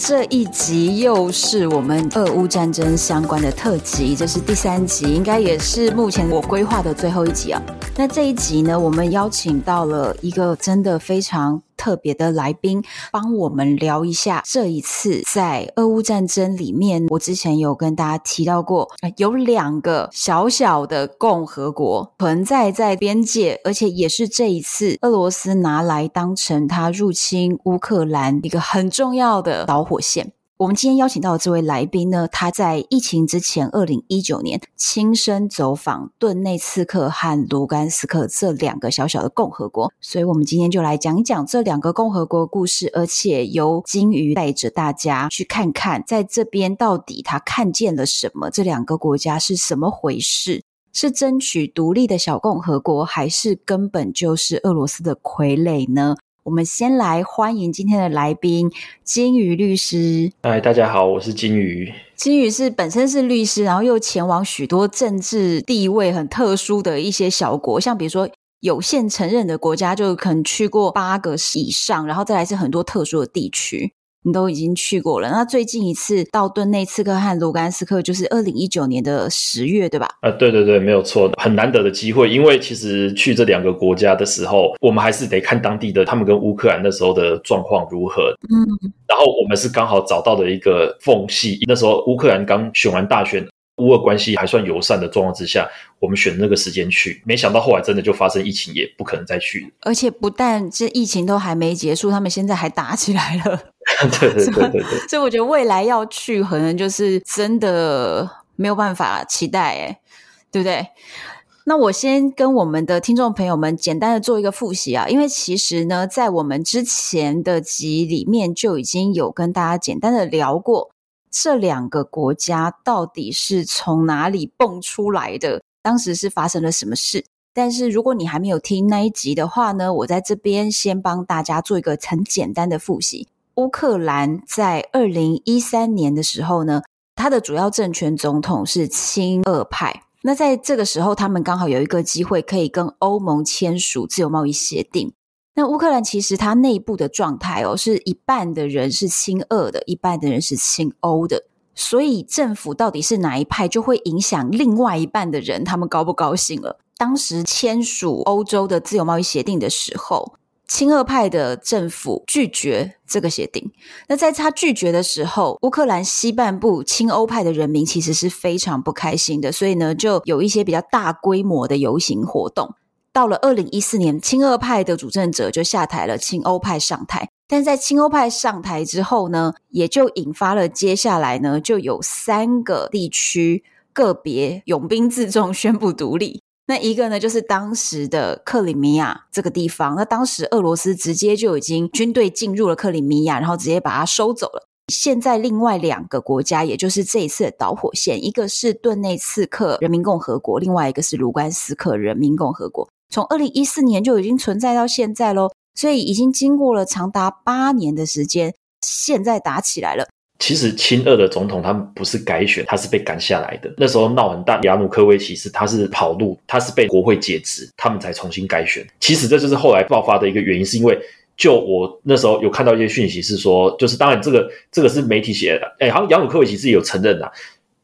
這一集又是我們俄烏戰爭相關的特輯，這是第三集，應該也是目前我規劃的最後一集啊、哦。那這一集呢，我們邀請到了一個真的非常特別的來賓，幫我們聊一下這一次在俄烏戰爭裡面，我之前有跟大家提到過，有兩個小小的共和國存在在邊界，而且也是這一次俄羅斯拿來當成他入侵烏克蘭一個很重要的導火線。我們今天邀請到的這位來賓呢，他在疫情之前，二零一九年親身走訪頓內茨克和盧甘斯克這兩個小小的共和國，所以我們今天就來講一講這兩個共和國故事，而且由鯨魚帶着大家去看看，在這邊到底他看見了什麼？這兩個國家是什麼回事？是爭取獨立的小共和國，還是根本就是俄羅斯的傀儡呢？我們先來歡迎今天的來賓鯨魚律師。嗨，大家好，我是鯨魚。鯨魚是本身是律師，然後又前往許多政治地位很特殊的一些小國，像比如說有限承認的國家，就可能去過八個以上，然後再來是很多特殊的地區。你都已經去過了，那最近一次到頓內茨克和盧甘斯克就是二零一九年的十月，對吧？啊、呃，對對對，沒有錯的，很難得的機會。因為其實去這兩個國家的時候，我們還是得看當地的，他們跟烏克蘭那時候的狀況如何。嗯，然後我們是剛好找到了一個縫隙，那時候烏克蘭剛選完大選，烏俄關係還算友善的狀況之下，我們選那個時間去，沒想到後來真的就發生疫情，也不可能再去。而且不但這疫情都還沒結束，他們現在還打起來了。 對對對對，所以我覺得未來要去，可能就是真的沒有辦法期待，欸，哎，對不對？那我先跟我們的聽眾朋友們簡單的做一個複習啊，因為其實呢，在我們之前的集裡面就已經有跟大家簡單的聊過這兩個國家到底是從哪裡蹦出來的，當時是發生了什麼事。但是如果你還沒有聽那一集的話呢，我在這邊先幫大家做一個很簡單的複習。烏克蘭在二零一三年的時候呢，它的主要政權總統是親俄派。那在這個時候，他們剛好有一個機會可以跟歐盟簽署自由貿易協定。那烏克蘭其實它內部的狀態哦，是一半的人是親俄的，一半的人是親歐的。所以政府到底是哪一派，就會影響另外一半的人他們高不高興了。當時簽署歐洲的自由貿易協定的時候，親俄派的政府拒絕這個協定。那在他拒絕的時候，烏克蘭西半部親歐派的人民其實是非常不開心的，所以呢，就有一些比較大規模的遊行活動。到了二零一四年，親俄派的主政者就下台了，親歐派上台。但在親歐派上台之後呢，也就引發了接下來呢，就有三個地區個別擁兵自重，宣布獨立。那一個呢，就是當時的克里米亞這個地方。那當時俄羅斯直接就已經軍隊進入了克里米亞，然後直接把它收走了。現在另外兩個國家，也就是這一次的導火線，一個是頓內次克人民共和國，另外一個是盧甘斯克人民共和國，從二零一四年就已經存在到現在嘍。所以已經經過了長達八年的時間，現在打起來了。其實親俄的總統他們不是改選，他是被趕下來的。那時候鬧很大，亞努科維奇是他是跑路，他是被國會解職，他們才重新改選。其實這就是後來爆發的一個原因，是因為就我那時候有看到一些訊息是說，就是當然這個這個是媒體寫的，誒、哎、好像亞努科維奇自己有承認的、啊。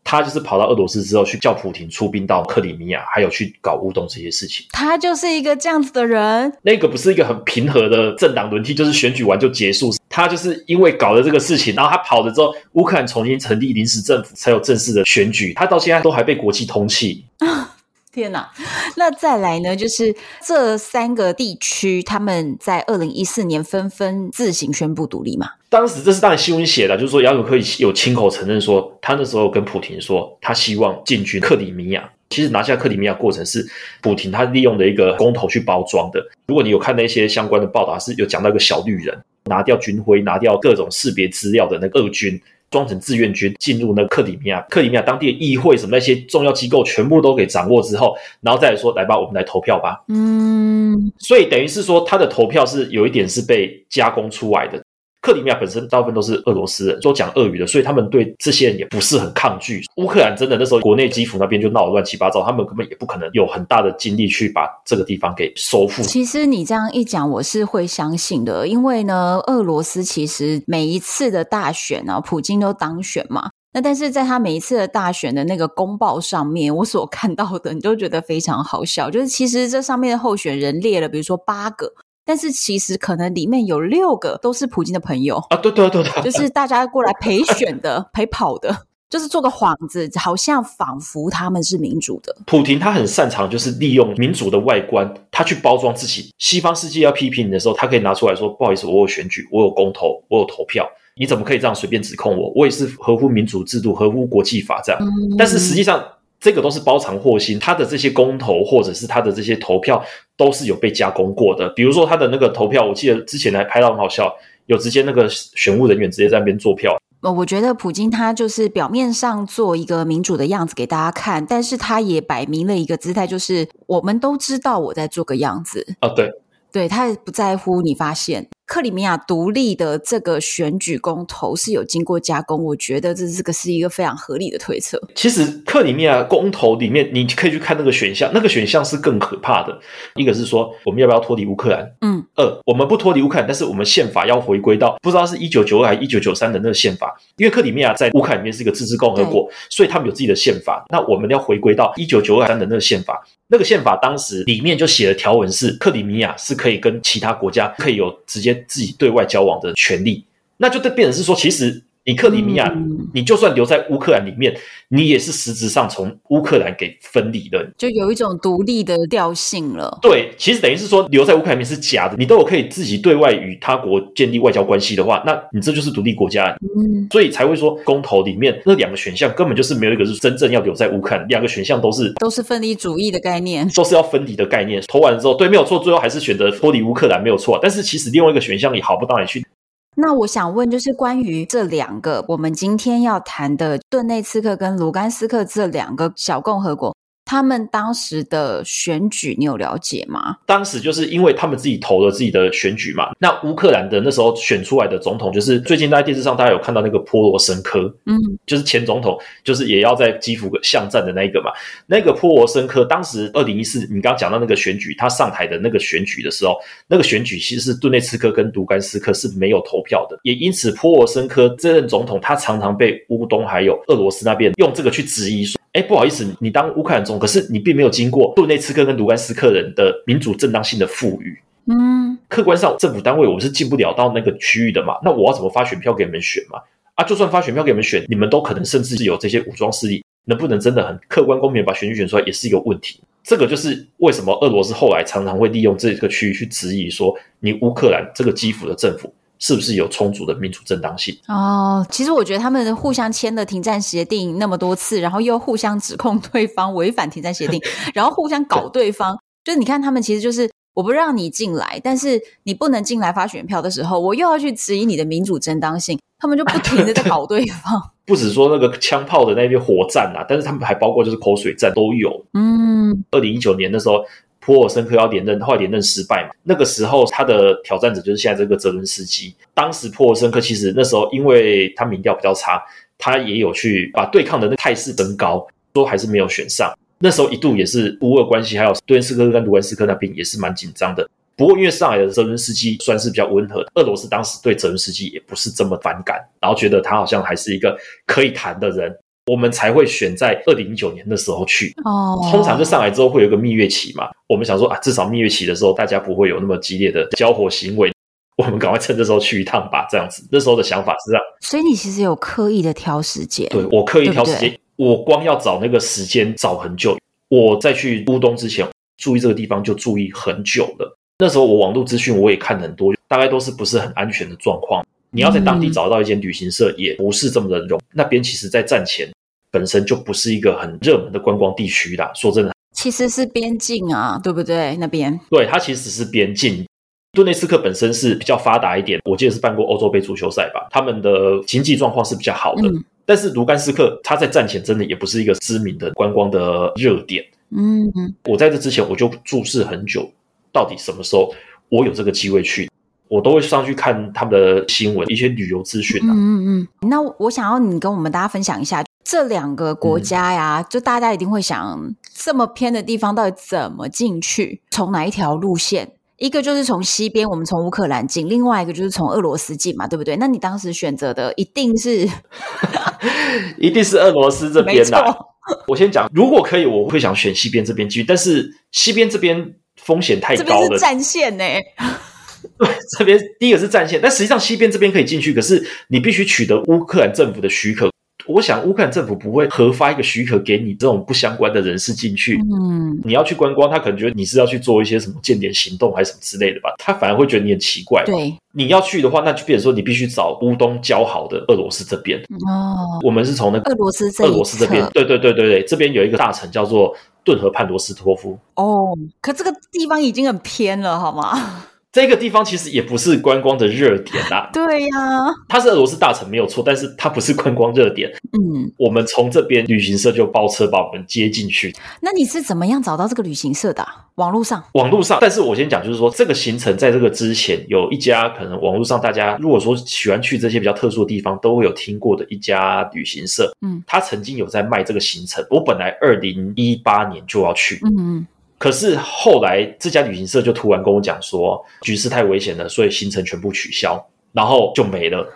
他就是跑到俄羅斯之後去叫普丁出兵到克里米亞，還有去搞烏東這些事情。他就是一個這樣子的人。那個不是一個很平和的政黨輪替，就是選舉完就結束。他就是因為搞了這個事情，然後他跑了之後，烏克蘭重新成立臨時政府，才有正式的選舉。他到現在都還被國際通緝。 天哪，那再來呢？就是這三個地區，他們在二零一四年紛紛自行宣布獨立嘛。當時這是當然新聞寫的，就是說，亞努科有親口承認說，他那時候跟普廷說，他希望進軍克里米亞。其實拿下克里米亞過程是普廷他利用的一個公投去包裝的。如果你有看那些相關的報道，是有講到一個小綠人拿掉軍徽、拿掉各種識別資料的那個俄軍。裝成志願軍進入那克里米亞，克里米亞當地的議會什麼那些重要機構全部都給掌握之後，然後再來說，來吧，我們來投票吧。嗯，所以等於是說，他的投票是有一點是被加工出來的。克里米亞本身大部分都是俄羅斯人，都講俄語的，所以他們對這些人也不是很抗拒。烏克蘭真的那時候國內基輔那邊就鬧得亂七八糟，他們根本也不可能有很大的精力去把這個地方給收復。其實你這樣一講，我是會相信的，因為呢，俄羅斯其實每一次的大選呢、啊，普京都當選嘛。那但是在他每一次的大選的那個公報上面，我所看到的，你都覺得非常好笑，就是其實這上面的候選人列了，比如說八個。但是其實可能裡面有六個都是普京的朋友啊，對，對對對，就是大家過來陪選的、 陪跑的，就是做個幌子，好像仿佛他們是民主的。普京他很擅長就是利用民主的外觀，他去包裝自己。西方世界要批評你的時候，他可以拿出來說：“不好意思，我有選舉，我有公投，我有投票，你怎麼可以這樣隨便指控我？我也是合乎民主制度、合乎國際法這樣。”嗯，但是實際上。這個都是包藏禍心，他的這些公投或者是他的這些投票都是有被加工過的。比如說他的那個投票，我記得之前還拍到很好笑，有直接那個選務人員直接在那邊做票。呃，我覺得普京他就是表面上做一個民主的樣子給大家看，但是他也擺明了一個姿態，就是我們都知道我在做個樣子。啊，對，對，他也不在乎你發現。克里米亞獨立的這個選舉公投是有經過加工，我覺得這是、這個是一個非常合理的推測。其實克里米亞公投裡面，你可以去看那個選項，那個選項是更可怕的。一個是說我們要不要脫離烏克蘭，嗯，二我們不脫離烏克蘭，但是我們憲法要回歸到不知道是一九九二還是一九九三的那個憲法。因為克里米亞在烏克蘭裡面是一個自治共和國，所以他們有自己的憲法。那我們要回歸到一九九二三的那個憲法，那個憲法當時裡面就寫的條文是克里米亞是可以跟其他國家可以有直接。自己對外交往的權利，那就變成是說，其實。你克里米亞、嗯，你就算留在烏克蘭裡面，你也是實質上從烏克蘭給分離的，就有一種獨立的調性了。對，其實等於是說留在烏克蘭裡面是假的，你都有可以自己對外與他國建立外交關係的話，那你這就是獨立國家。嗯，所以才會說公投裡面那兩個選項根本就是沒有一個是真正要留在烏克蘭，兩個選項都是都是分離主義的概念，都是要分離的概念。投完了之後，對，沒有錯，最後還是選擇脫離烏克蘭，沒有錯。但是其實另外一個選項也好不到哪裡去。那我想問，就是關於這兩個我們今天要談的頓內次克跟盧甘斯克這兩個小共和國。他們當時的選舉，你有了解嗎？當時就是因為他們自己投了自己的選舉嘛。那烏克蘭的那時候選出來的總統，就是最近在電視上大家有看到那個波羅申科，嗯，就是前總統，就是也要在基輔巷戰的那一個嘛。那個波羅申科當時二零一四，你剛剛講到那個選舉，他上台的那個選舉的時候，那個選舉其實是頓內茨克跟盧甘斯克是沒有投票的，也因此波羅申科這任總統，他常常被烏東還有俄羅斯那邊用這個去質疑說。哎，不好意思，你當烏克蘭總統，可是你並沒有經過頓內次克跟盧甘斯克人的民主正當性的賦予。嗯，客觀上政府單位我們是進不了到那個區域的嘛？那我要怎麼發選票給你們選嘛？啊，就算發選票給你們選，你們都可能甚至是有這些武裝勢力，能不能真的很客觀公平把選舉選出來，也是一個問題。這個就是為什麼俄羅斯後來常常會利用這這個區域去質疑說，你烏克蘭這個基輔的政府。是不是有充足的民主正當性？哦，其實我覺得他們互相簽了停戰協定那麼多次，然後又互相指控對方違反停戰協定， 然後互相搞對方。對就是你看，他們其實就是我不讓你進來，但是你不能進來發選票的時候，我又要去質疑你的民主正當性。他們就不停的在搞對方。 不只說那個槍炮的那邊火戰啊，但是他們還包括就是口水戰都有。嗯，二零一九年的時候。波羅申科要連任，後來連任失敗嘛。那個時候他的挑戰者就是現在這個澤倫斯基。當時波羅申科其實那時候因為他民調比較差，他也有去把對抗的那態勢升高，說還是沒有選上。那時候一度也是烏俄關係，還有頓斯科跟盧文斯科那邊也是蠻緊張的。不過因為上海的澤倫斯基算是比較溫和的，俄羅斯當時對澤倫斯基也不是這麼反感，然後覺得他好像還是一個可以談的人。我們才會選在二零一九年的時候去。哦，通常在上來之後會有一個蜜月期嘛。我們想說啊，至少蜜月期的時候大家不會有那麼激烈的交火行為。我們趕快趁這時候去一趟吧，這樣子。那時候的想法是這樣。所以你其實有刻意的挑時間對？對，我刻意挑時間對對，我光要找那個時間找很久。我在去烏東之前，注意這個地方就注意很久了。那時候我網絡資訊我也看很多，大概都是不是很安全的狀況。你要在當地找到一間旅行社也不是這麼的容易，嗯。那邊其實，在戰前本身就不是一個很熱門的觀光地區啦，說真的，其實是邊境啊，對不對？那邊對它其實是邊境。頓內斯克本身是比較發達一點，我記得是辦過歐洲杯足球賽吧。他們的經濟狀況是比較好的。嗯、但是盧甘斯克，它在戰前真的也不是一個知名的觀光的熱點。嗯，我在這之前我就注視很久，到底什麼時候我有這個機會去？我都會上去看他們的新聞，一些旅遊資訊、啊、嗯嗯那我想要你跟我們大家分享一下這兩個國家呀、嗯，就大家一定會想，這麼偏的地方到底怎麼進去？從哪一條路線？一個就是從西邊，我們從烏克蘭進；另外一個就是從俄羅斯進嘛，對不對？那你當時選擇的一定是， 一定是俄羅斯這邊啦。我先講，如果可以，我會想選西邊這邊進去，但是西邊這邊風險太高了，這邊是戰線呢、欸？對，這邊第一個是戰線，但實際上西邊這邊可以進去，可是你必須取得烏克蘭政府的許可。我想烏克蘭政府不會核發一個許可給你這種不相關的人士進去。嗯，你要去觀光，他可能覺得你是要去做一些什麼間諜行動還是什麼之類的吧？他反而會覺得你很奇怪。對，你要去的話，那就變成說你必須找烏東交好的俄羅斯這邊。哦，我們是從那個、俄羅斯俄羅斯這邊，對對對對對，這邊有一個大城叫做頓河畔羅斯托夫。哦，可這個地方已經很偏了，好嗎？這個地方其實也不是觀光的熱點啦、啊。對呀、啊，它是俄羅斯大城沒有錯，但是它不是觀光熱點。嗯，我們從這邊旅行社就包車把我們接進去。那你是怎麼樣找到這個旅行社的、啊？網絡上，網絡上。但是我先講，就是說這個行程在這個之前有一家可能網絡上大家如果說喜歡去這些比較特殊的地方都會有聽過的一家旅行社。嗯，他曾經有在賣這個行程。我本來二零一八年就要去。嗯。嗯可是後來這家旅行社就突然跟我講說，局勢太危險了，所以行程全部取消，然後就沒了。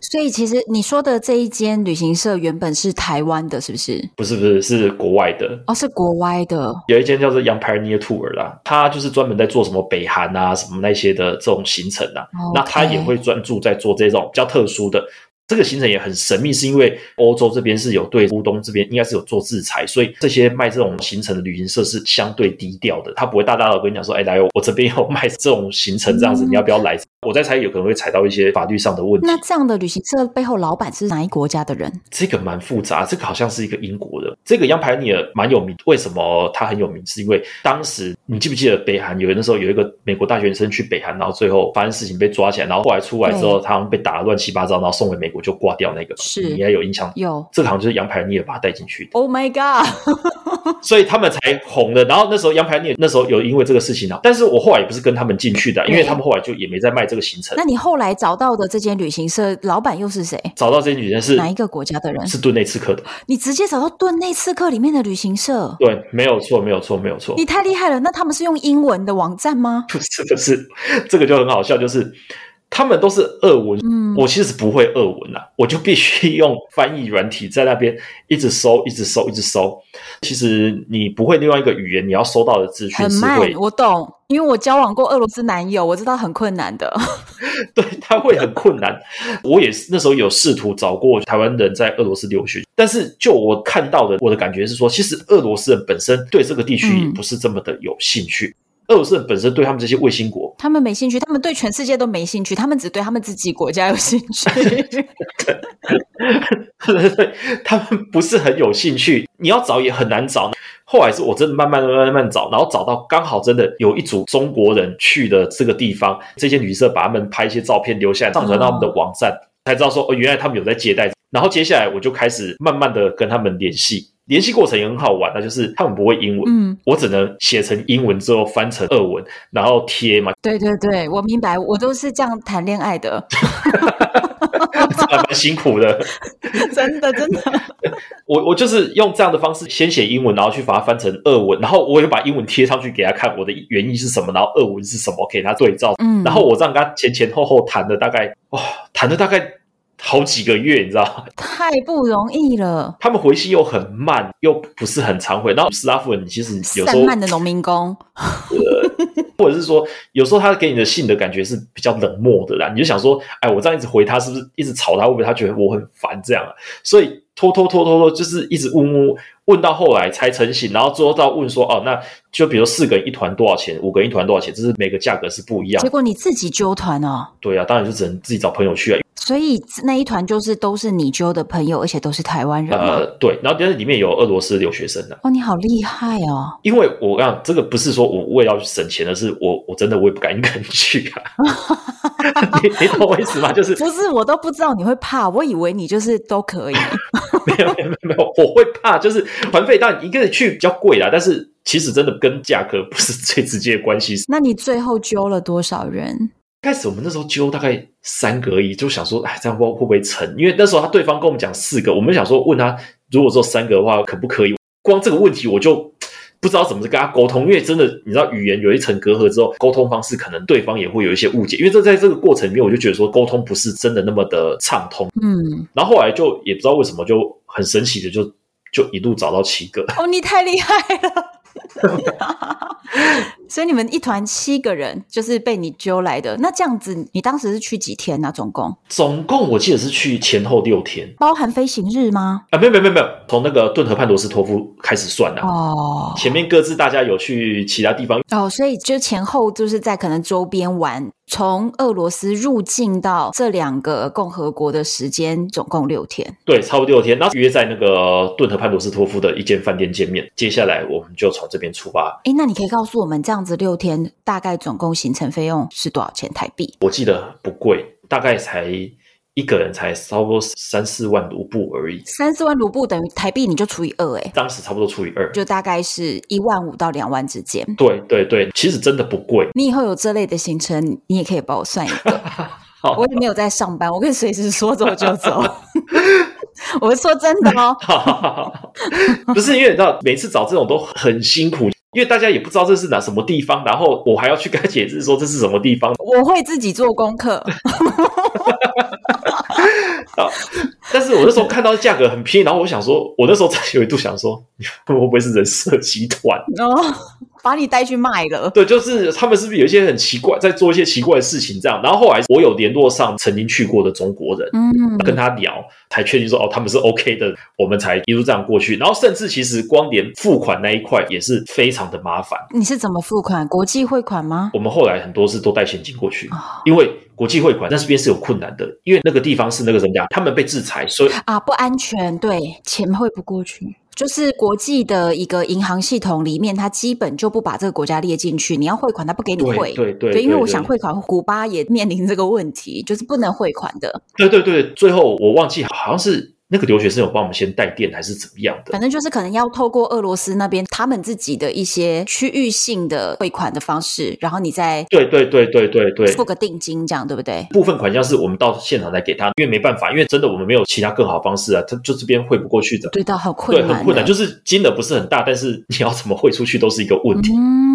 所以其實你說的這一間旅行社原本是台灣的，是不是？不是，不是，是國外的。哦，是國外的。有一間叫做 Young Pioneer Tour 啦，他就是專門在做什麼北韓啊，什麼那些的這種行程啊，okay，那他也會專注在做這種比較特殊的。這個行程也很神秘，是因為歐洲這邊是有對烏東這邊應該是有做制裁，所以這些賣這種行程的旅行社是相對低調的，他不會大大的跟你講說，哎，來，我這邊有賣這種行程，這樣子、嗯、你要不要來？我在猜有可能會踩到一些法律上的問題。那這樣的旅行社背後老闆是哪一國家的人？這個蠻複雜，這個好像是一個英國的。這個 Young Pioneer 蠻有名，為什麼他很有名？是因為當時你記不記得北韓有那時候有一個美國大學生去北韓，然後最後發生事情被抓起來，然後後來出來之後，他們被打得亂七八糟，然後送回美。我就掛掉那個，是，你還有印象？有，這好像就是楊排聶把他帶進去的。Oh my god！ 所以他們才紅的。然後那時候楊排聶那時候有因為這個事情啊。但是我後來也不是跟他們進去的，啊，因為他們後來就也沒再賣這個行程。那你後來找到的這間旅行社老板又是誰？找到這間旅行社是哪一個國家的人？是頓內次克的。你直接找到頓內次克裡面的旅行社？對，沒有錯，沒有錯，沒有錯。你太厲害了！那他們是用英文的網站嗎？不 是，不是，這個就很好笑，就是。他們都是俄文，嗯，我其實不會俄文吶、啊，我就必須用翻譯軟體在那邊一直搜，一直搜，一直搜。其實你不會另外一個語言，你要搜到的資訊是會很慢。我懂，因為我交往過俄羅斯男友，我知道很困難的。 對，他會很困難。 我也是，那時候有試圖找過台灣人在俄羅斯留學，但是就我看到的，我的感覺是說，其實俄羅斯人本身對這個地區不是這麼的有興趣。嗯俄羅斯本身對他們這些衛星國，他們沒興趣，他們對全世界都沒興趣，他們只對他們自己國家有興趣。 他們不是很有興趣，你要找也很難找。後來是我真的慢慢的、慢慢地找，然後找到剛好真的有一組中國人去的這個地方，這些旅社把他們拍一些照片留下來，上傳到他們的網站，嗯、才知道說，哦，原來他們有在接待。然後接下來我就開始慢慢的跟他們聯繫。聯繫過程也很好玩，那就是他們不會英文，嗯，我只能寫成英文之後翻成俄文，然後貼嘛。對對對，我明白，我都是這樣談戀愛的， 還蠻辛苦的，真 的真的。真的 我我就是用這樣的方式，先寫英文，然後去把它翻成俄文，然後我又把英文貼上去給他看，我的原意是什麼，然後俄文是什麼，給它對照。嗯，然後我這樣跟他前前後後談了大概，哇、哦，談了大概。好幾個月，你知道嗎？太不容易了。他們回信又很慢，又不是很常回。然後斯拉夫人其實有時候散漫的農民工，呃、 或者是說有時候他給你的信的感覺是比較冷漠的啦。你就想說，哎，我這樣一直回他，是不是一直吵他？會不會他覺得我很煩這樣、啊？所以，偷偷、偷偷、偷，就是一直嗚嗚問到後來才成型。然後最後到問說，哦、啊，那就比如四個人一團多少錢？五個人一團多少錢？就是每個價格是不一樣的。結果你自己揪團哦、啊？對啊，當然就只能自己找朋友去了、啊。所以那一團就是都是你揪的朋友，而且都是台灣人。呃，對，然後就是裡面有俄羅斯留學生的、啊。哦，你好厲害哦！因為我講這個不是說我為了省錢的，而是我我真的我也不敢一個人去看、啊、 你，你懂我意思嗎？就是不是我都不知道你會怕，我以為你就是都可以。 沒有沒有沒有，我會怕，就是團費，當然一個人去比較貴啦，但是其實真的跟價格不是最直接的關係。那你最後揪了多少人？嗯開始我們那時候揪大概三個而已，就想說，哎，這樣會不會成？因為那時候他對方跟我們講四個，我們想說問他，如果說三個的話可不可以？光這個問題我就不知道怎麼跟他溝通，因為真的你知道，語言有一層隔閡之後，溝通方式可能對方也會有一些誤解。因為這在這個過程裡面，我就覺得說溝通不是真的那麼的暢通。嗯，然後後來就也不知道為什麼，就很神奇的就就一路找到七個。哦，你太厲害了！ 所以你們一團七個人，就是被你揪來的。那這樣子，你當時是去幾天呢？啊？總共？總共我記得是去前後六天，包含飛行日嗎？啊，沒有沒有沒有沒有，從那個頓河畔羅斯托夫開始算的。哦，前面各自大家有去其他地方哦，所以就前後就是在可能周邊玩。從俄羅斯入境到這兩個共和國的時間總共六天，對，差不多六天。然後約在那個頓河畔羅斯托夫的一間飯店見面，接下來我們就從這邊出發。誒，那你可以告訴我們，這樣子六天大概總共行程費用是多少錢台幣？我記得不貴，大概才。一個人才差不多三四萬盧布而已，三四萬盧布等於台幣，你就除以二。誒、欸，當時差不多除以二，就大概是一萬五到兩萬之間。對對對，其實真的不貴。你以後有這類的行程，你也可以幫我算一個。 好，我也沒有在上班， 我可以隨時說走就走。 我說真的嗎 。不是因為你知道，每次找這種都很辛苦。因為大家也不知道這是哪什麼地方，然後我還要去跟他解釋說這是什麼地方。我會自己做功課， 但是我那時候看到價格很便宜，然後我想說，我那時候才有一度想說，會不會是人蛇集團？Oh. 把你帶去賣了？對，就是他們是不是有一些很奇怪，在做一些奇怪的事情這樣？然後後來我有聯絡上曾經去過的中國人，嗯，跟他聊，才確定說哦，他們是 OK 的，我們才一路這樣過去。然後甚至其實光連付款那一塊也是非常的麻煩。你是怎麼付款？國際匯款嗎？我們後來很多次都帶現金過去。哦，因為國際匯款那邊是有困難的，因為那個地方是那個什麼呀？他們被制裁，所以啊，不安全，對，錢匯不過去。就是國際的一個銀行系統裡面，它基本就不把這個國家列進去。你要匯款，它不給你匯。對對對對，因為我想匯款，古巴也面臨這個問題，就是不能匯款的。對對對，最後我忘記，好像是。那個留學生有幫我們先代墊，還是怎麼樣的？反正就是可能要透過俄羅斯那邊他們自己的一些區域性的匯款的方式，然後你再對對對對對對付個定金，這樣對不對？部分款項是我們到現場來給他，因為沒辦法，因為真的我們沒有其他更好的方式啊，他就這邊匯不過去的，對，好困難，對，很困難，就是金額不是很大，但是你要怎麼匯出去都是一個問題。嗯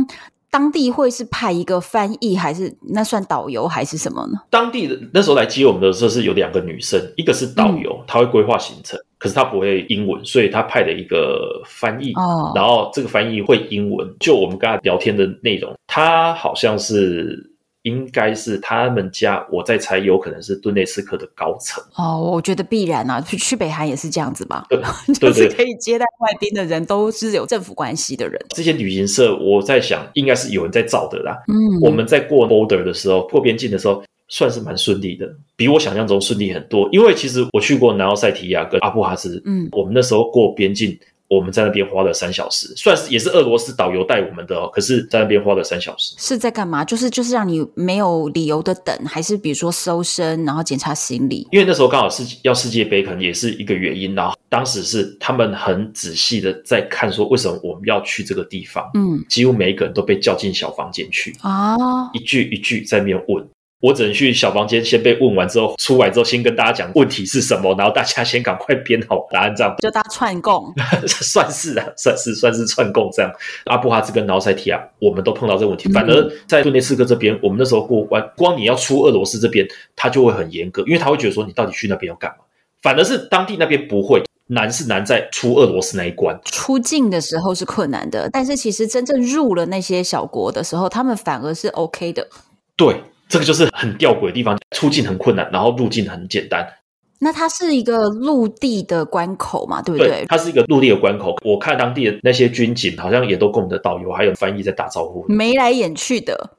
當地會是派一個翻譯，還是那算導遊，還是什麼呢？當地的那時候來接我們的時候是有兩個女生，一個是導遊、嗯，她會規劃行程，可是她不會英文，所以她派了一個翻譯。哦、然後這個翻譯會英文，就我們剛才聊天的內容，她好像是。應該是他們家，我在猜有可能是頓內斯克的高層哦。我覺得必然啊，去去北韓也是這樣子吧。對對 就是可以接待外賓的人，都是有政府關係的人。這些旅行社，我在想，應該是有人在罩的啦。嗯，我們在過 border 的時候，過邊境的時候，算是蠻順利的，比我想象中順利很多。因為其實我去過南奧塞提亞跟阿布哈茲，嗯，我們那時候過邊境。我們在那邊花了三小時，算是也是俄羅斯導遊帶我們的哦。可是，在那邊花了三小時，是在幹嘛？就是就是讓你沒有理由的等，還是比如說搜身，然後檢查行李？因為那時候剛好是要世界杯，可能也是一個原因啊。然後當時是他們很仔細的在看，說為什麼我們要去這個地方？嗯，幾乎每一個人都被叫進小房間去啊哦，一句一句在面問。我只能去小房間先被問完之後出來之後先跟大家講，問題是什麼，然後大家先趕快編好答案，這樣就當串供， 算是啊，算是算是，算是串供這樣。阿布哈茲跟南奧塞提亞，我們都碰到這個問題。嗯、反而在頓涅茨克這邊，我們那時候過關，光你要出俄羅斯這邊，他就會很嚴格，因為他會覺得說你到底去那邊要幹嘛。反而是當地那邊不會，難是難在出俄羅斯那一關。出境的時候是困難的，但是其實真正入了那些小國的時候，他們反而是 OK 的。對。這個就是很吊詭的地方，出境很困難，然後入境很簡單。那它是一個陸地的關口嘛，對不對？對，它是一個陸地的關口。我看當地的那些軍警好像也都跟我們的導遊還有翻譯在打招呼，眉來眼去的。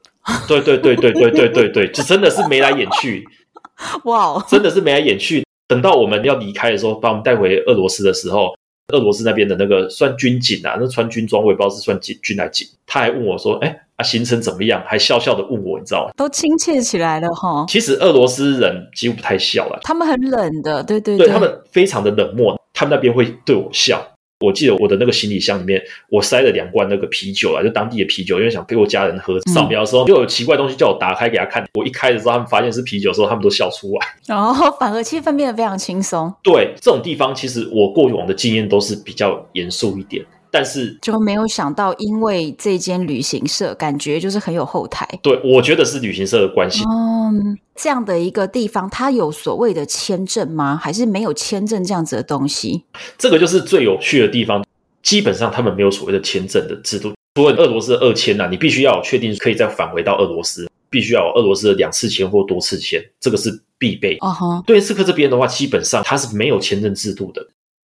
對對對對對對對對，這真的是眉來眼去。 哇，真的是眉來眼去。等到我們要離開的時候，把我們帶回俄羅斯的時候。俄羅斯那邊的那個算軍警啊，那穿軍裝，我也不知道是算警軍還是警。他還問我說：“哎，啊行程怎麼樣？”還笑笑的問我，你知道嗎？都親切起來了哈。其實俄羅斯人幾乎不太笑了，他們很冷的，對對對，對，對，他們非常的冷漠，他們那邊會對我笑。我記得我的那個行李箱裡面，我塞了兩罐那個啤酒啊，就當地的啤酒，因為想給我家人喝。掃描的時候，又、嗯、有奇怪東西叫我打開給他看。我一開的時候，他們發現是啤酒的時候，他們都笑出來。哦，反而氣氛變得非常輕鬆。對，這種地方其實我過往的經驗都是比較嚴肅一點。但是就沒有想到，因為這間旅行社感覺就是很有後台。對，我覺得是旅行社的關係。嗯，這樣的一個地方，它有所謂的簽證嗎？還是沒有簽證這樣子的東西？這個就是最有趣的地方。基本上他們沒有所謂的簽證的制度。除了俄羅斯的二簽吶，你必須要確定可以再返回到俄羅斯，必須要有俄羅斯的兩次簽或多次簽，這個是必備。哦哈。對，斯克這邊的話，基本上它是沒有簽證制度的。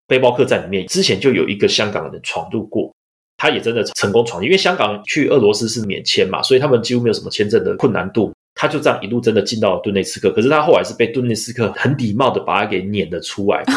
背包客棧裡面之前就有一個香港人闖入過，他也真的成功闖入，因為香港去俄羅斯是免簽嘛，所以他們幾乎沒有什麼簽證的困難度。他就這樣一路真的進到了頓內茨克，可是他後來是被頓內茨克很禮貌的把他給攆了出來。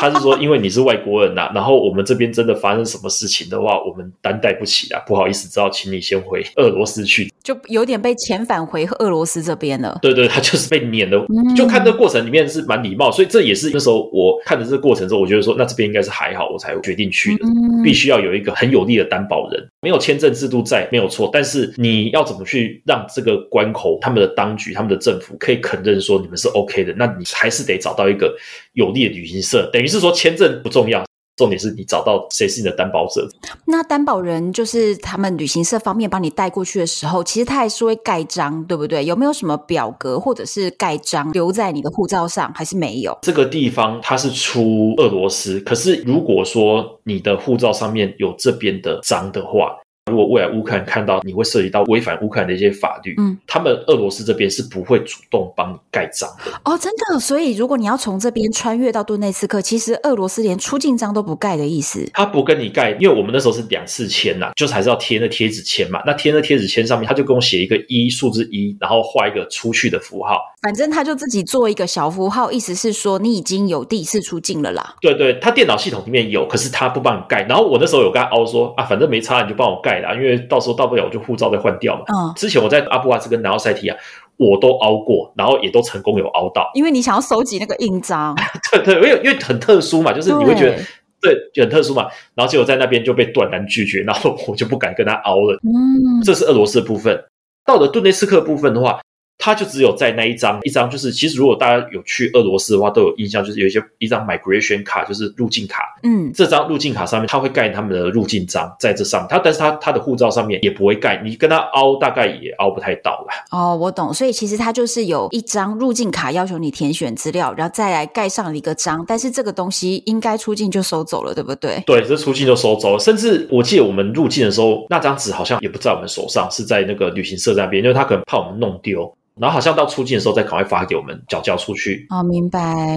他是說，因為你是外國人吶、啊，然後我們這邊真的發生什麼事情的話，我們擔待不起啊，不好意思知道，只好請你先回俄羅斯去。就有點被遣返回俄羅斯這邊了。對，對對，他就是被攆的、嗯。就看這過程裡面是蠻禮貌，所以這也是那時候我看的這個過程之後，我覺得說那這邊應該是還好，我才決定去的、嗯。必須要有一個很有力的擔保人，沒有簽證制度在沒有錯，但是你要怎麼去讓這個關口他們。的當局，他們的政府可以肯定說你們是 OK 的，那你還是得找到一個有利的旅行社，等於是說簽證不重要，重點是你找到誰是你的擔保者。那擔保人就是他們旅行社方面幫你帶過去的時候，其實他還是會蓋章，對不對？有沒有什麼表格或者是蓋章留在你的護照上？還是沒有？這個地方它是出俄羅斯，可是如果說你的護照上面有這邊的章的話。如果未來烏克蘭看到你會涉及到違反烏克蘭的一些法律，嗯，他們俄羅斯這邊是不會主動幫你蓋章的哦，真的。所以如果你要從這邊穿越到頓內茨克，嗯，其實俄羅斯連出境章都不蓋的意思。他不跟你蓋，因為我們那時候是兩次簽吶，就是還是要貼那貼紙簽嘛。那貼那貼紙簽上面，他就給我寫一個一，數字一，然後畫一個出去的符號。反正他就自己做一個小符號，意思是說你已經有第一次出境了啦。對對，他電腦系統裡面有，可是他不幫你蓋。然後我那時候有跟他凹說啊，反正沒差，你就幫我蓋啦，因為到時候到不了我就護照再換掉嘛。嗯。之前我在阿布哈茲跟南奧塞提亞，我都凹過，然後也都成功有凹到。因為你想要收集那個印章。 對對，因為因為很特殊嘛，就是你會覺得對就很特殊嘛。然後結果在那邊就被斷然拒絕，然後我就不敢跟他凹了。嗯。這是俄羅斯的部分。到了頓內斯克部分的話，他就只有在那一張，一張就是，其實如果大家有去俄羅斯的話，都有印象，就是有一些一張 migration 卡，就是入境卡。嗯，這張入境卡上面他會蓋他們的入境章，在這上面，他但是他他的護照上面也不會蓋，你跟他凹大概也凹不太到啦。哦，我懂，所以其實他就是有一張入境卡，要求你填選資料，然後再來蓋上了一個章，但是這個東西應該出境就收走了，對不對？對，這出境就收走了。甚至我記得我們入境的時候，那張紙好像也不在我們手上，是在那個旅行社那邊，因為他可能怕我們弄丟。然後好像到出境的時候，再趕快發給我們繳交出去。哦，明白。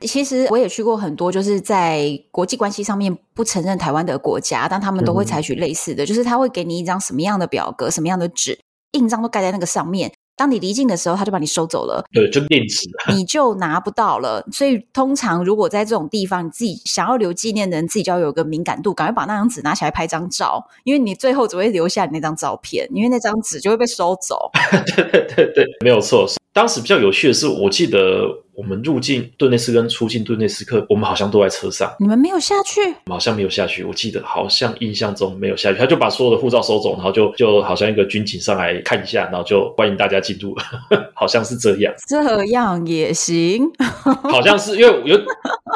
其實我也去過很多，就是在國際關係上面不承認台灣的國家，但他們都會採取類似的、嗯、就是他會給你一張什麼樣的表格，什麼樣的紙，印章都蓋在那個上面。當你離境的時候，他就把你收走了，對，就電池，你就拿不到了。所以通常如果在這種地方，你自己想要留紀念的人，自己就要有一個敏感度，趕快把那張紙拿起來拍張照，因為你最後只會留下你那張照片，因為那張紙就會被收走。 對對對對，沒有錯。當時比較有趣的是，我記得。我們入境頓內次跟出境頓內次克，我們好像都在車上。你們沒有下去？好像沒有下去。我記得好像印象中沒有下去。他就把所有的護照收走，然後就就好像一個軍警上來看一下，然後就歡迎大家進入， 好像是這樣。這樣也行。 好像是因為有，有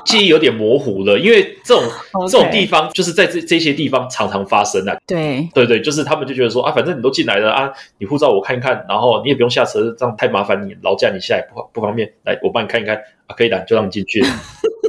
記憶有點模糊了，因為這種、okay. 這種地方就是在這這些地方常常發生啊對。對對對，就是他們就覺得說啊，反正你都進來了啊，你護照我看一看，然後你也不用下車，這樣太麻煩你，勞駕你下來不不方便，來我辦。看一看啊，可以的，就讓你進去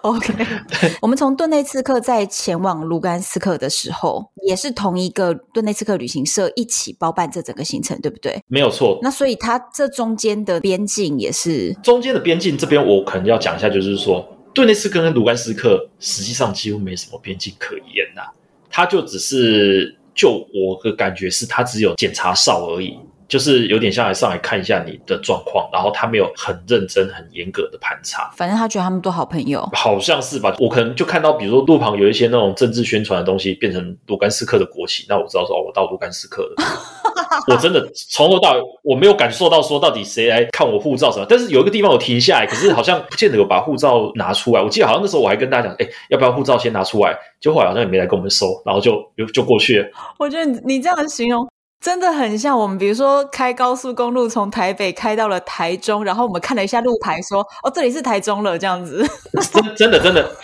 Okay . 我們進去。OK，我們從頓內次克在前往盧甘斯克的時候，也是同一個頓內次克旅行社一起包辦這整個行程，對不對？沒有錯。那所以它這中間的邊境也是中間的邊境，這邊我可能要講一下，就是說頓內次克跟盧甘斯克實際上幾乎沒什麼邊境可言吶、啊，它就只是就我的感覺是，它只有檢查哨而已。就是有點像上來看一下你的狀況，然後他沒有很認真、很嚴格的盤查。反正他覺得他們都好朋友，好像是吧？我可能就看到，比如說路旁有一些那種政治宣傳的東西變成盧甘斯克的國旗，那我知道說哦，我到盧甘斯克了。 我真的從頭到尾我沒有感受到說到底誰來看我護照什麼，但是有一個地方我停下來，可是好像不見得有把護照拿出來。我記得好像那時候我還跟大家講，哎、欸，要不要護照先拿出來？結果好像也沒來跟我們收，然後就就過去了。我覺得你你這樣的形容。真的很像我們，比如說開高速公路從台北開到了台中，然後我們看了一下路牌，說：“哦，這裡是台中了。”這樣子， 真真的真的。真的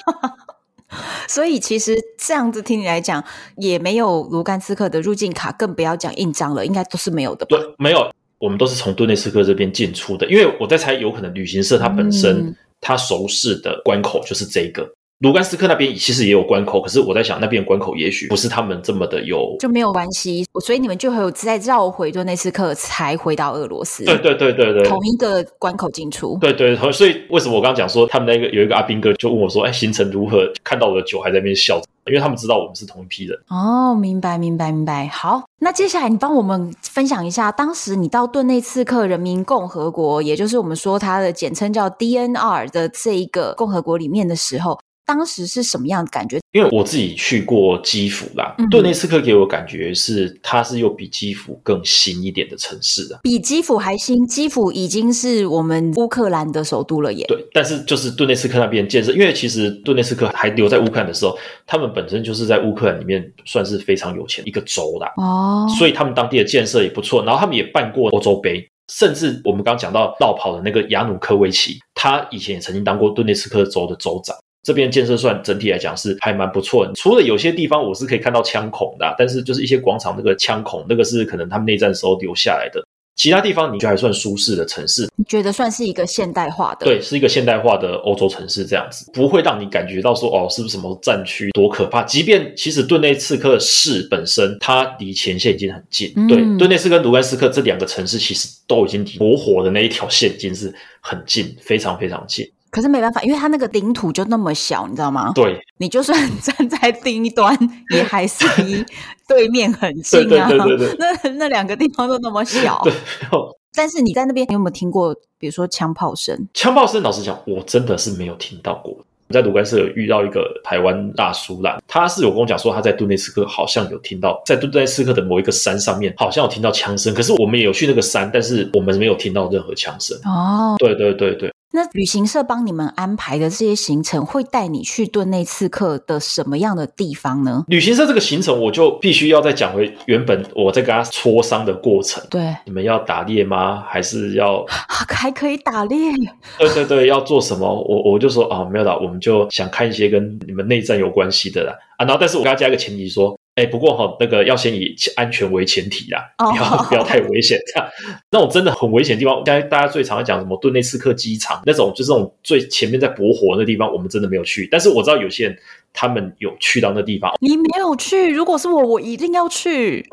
所以其實這樣子聽你來講，也沒有盧甘斯克的入境卡，更不要講印章了，應該都是沒有的吧。對，沒有，我們都是從頓內次克這邊進出的。因為我在猜，有可能旅行社它本身它熟識的關口就是這個。嗯盧甘斯克那邊其實也有關口，可是我在想，那邊的關口也許不是他們這麼的有就沒有關係。所以你們就有在繞回頓內次克，才回到俄羅斯。對,對對對對對，同一個關口進出。對對，對。所以為什麼我剛剛講說他們那個有一個阿兵哥就問我說：“哎，行程如何？”看到我的酒還在那邊笑着，因為他們知道我們是同一批人。哦，明白明白明白。好，那接下來你幫我們分享一下，當時你到頓內次克人民共和國，也就是我們說他的簡稱叫 DNR 的這一個共和國裡面的時候。當時是什麼樣的感覺？因為我自己去過基輔啦，嗯、頓內斯克給我的感覺是，它是又比基輔更新一點的城市的，啊，比基輔還新。基輔已經是我們烏克蘭的首都了耶，也對。但是就是頓內斯克那邊建設，因為其實頓內斯克還留在烏克蘭的時候，他們本身就是在烏克蘭裡面算是非常有錢一個州啦。哦，所以他們當地的建設也不錯。然後他們也辦過歐洲杯，甚至我們剛剛講到道跑的那個亞努科維奇，他以前也曾經當過頓內斯克州的州長。這邊建設算整體來講是還蠻不錯的，除了有些地方我是可以看到槍孔的，但是就是一些廣場那個槍孔那個是可能他們內戰時候留下來的，其他地方你覺得還算舒適的城市？你覺得算是一個現代化的？對，是一個現代化的歐洲城市這樣子，不會讓你感覺到說哦，是不是什麼戰區多可怕？即便其實頓內茨克市本身它離前線已經很近，嗯、對，頓內茨克跟盧甘斯克這兩個城市其實都已經離火，火的那一條線已經是很近，非常非常近。可是沒辦法，因為他那個領土就那麼小，你知道嗎？對，你就算站在另一端，也還是離對面很近啊。 對對對對對對，那那兩個地方都那麼小。對、哦，但是你在那邊，你有沒有聽過，比如說槍炮聲？槍炮聲，老實講，我真的是沒有聽到過。我在盧甘斯克有遇到一個台灣大叔啦。他是有跟我講說他在頓內次克好像有聽到，在頓內次克的某一個山上面好像有聽到槍聲，可是我們也有去那個山，但是我們沒有聽到任何槍聲。哦，對對對對。那旅行社幫你們安排的這些行程，會帶你去頓內次克的什麼樣的地方呢？旅行社這個行程，我就必須要再講回原本我在跟他磋商的過程。對，你們要打獵嗎？還是要還可以打獵？對對對，要做什麼？我我就說啊、哦，沒有啦，我們就想看一些跟你們內戰有關係的啦。啊，然後但是我跟他加一個前提說，哎，不過哈、哦，那個要先以安全為前提啦，oh, 不要不要太危險。這樣，那種真的很危險的地方，大家大家最常要講什麼頓內次克機場那種，就是那種最前面在駁火那地方，我們真的沒有去。但是我知道有些人他們有去到那地方。你沒有去？如果是我，我一定要去。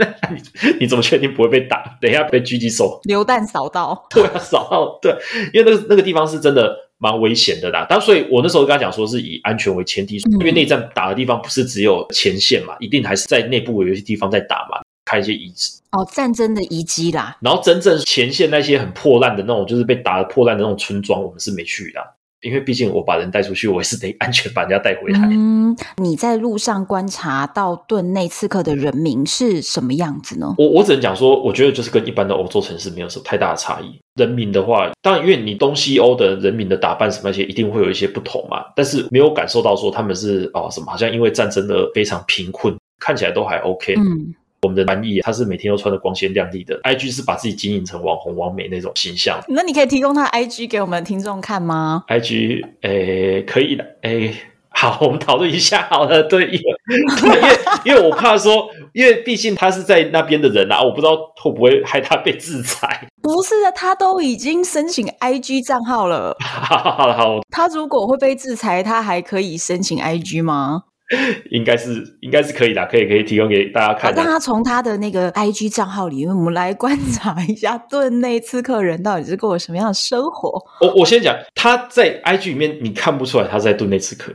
你你怎麼確定不會被打？等一下被狙擊手、榴彈掃到，對、啊，掃到，對、啊，因為那個那個地方是真的，蠻危險的啦，但所以，我那時候跟他講說是以安全為前提、嗯，因為內戰打的地方不是只有前線嘛，一定還是在內部有些地方在打嘛，開一些遺址。哦，戰爭的遺跡啦。然後真正前線那些很破爛的那種，就是被打的破爛的那種村莊，我們是沒去的啊。因為畢竟我把人帶出去，我也是得安全把人家帶回來。嗯，你在路上觀察到頓內次克的人民是什麼樣子呢？我我只能講說，我覺得就是跟一般的歐洲城市沒有什麼太大的差異。人民的話，當然因為你東西歐的人民的打扮什麼一些，一定會有一些不同嘛。但是沒有感受到說他們是哦什麼，好像因為戰爭的非常貧困，看起來都還 OK。嗯。我們的翻譯，他是每天都穿得光鮮亮的光鮮亮麗的，IG 是把自己經營成網紅網美那種形象。那你可以提供他 IG 給我們的聽眾看嗎？IG，誒、欸，可以的，誒、欸，好，我們討論一下好了。對，因為， 因，為因為我怕說，因為畢竟他是在那邊的人啊，我不知道會不會害他被制裁。不是的，他都已經申請 IG 賬號了。 好，好，好，他如果會被制裁，他還可以申請 IG 嗎？ 應該是應該是可以的，可以可以提供給大家看。那、啊、他從他的那個 I G 賬號裡面，我們來觀察一下頓內次克人到底是過什麼樣的生活。我我先講，他在 I G 裡面你看不出來他是在頓內次克，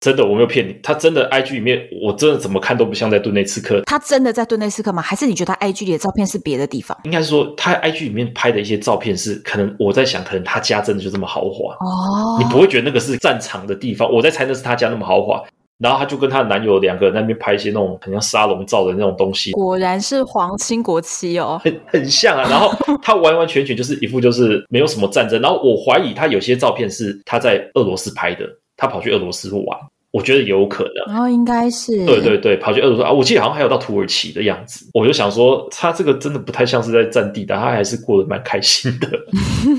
真的我沒有騙你，他真的 I G 裡面，我真的怎麼看都不像在頓內次克。他真的在頓內次克嗎？還是你覺得他 I G 裡的照片是別的地方？應該是說，他 I G 裡面拍的一些照片是可能我在想，可能他家真的就這麼豪華哦，你不會覺得那個是戰場的地方？我在猜那是他家那麼豪華。然後他就跟他的男友兩個人在那邊拍一些那種很像沙龍照的那種東西，果然是皇親國戚哦，很很像啊。然後他完完全全就是一副就是沒有什麼戰爭。然後我懷疑他有些照片是他在俄羅斯拍的，他跑去俄羅斯玩。我覺得有可能，然、哦、後應該是對對對，跑去歐洲啊，我記得好像還有到土耳其的樣子，我就想說他這個真的不太像是在戰地的，但他還是過得蠻開心的。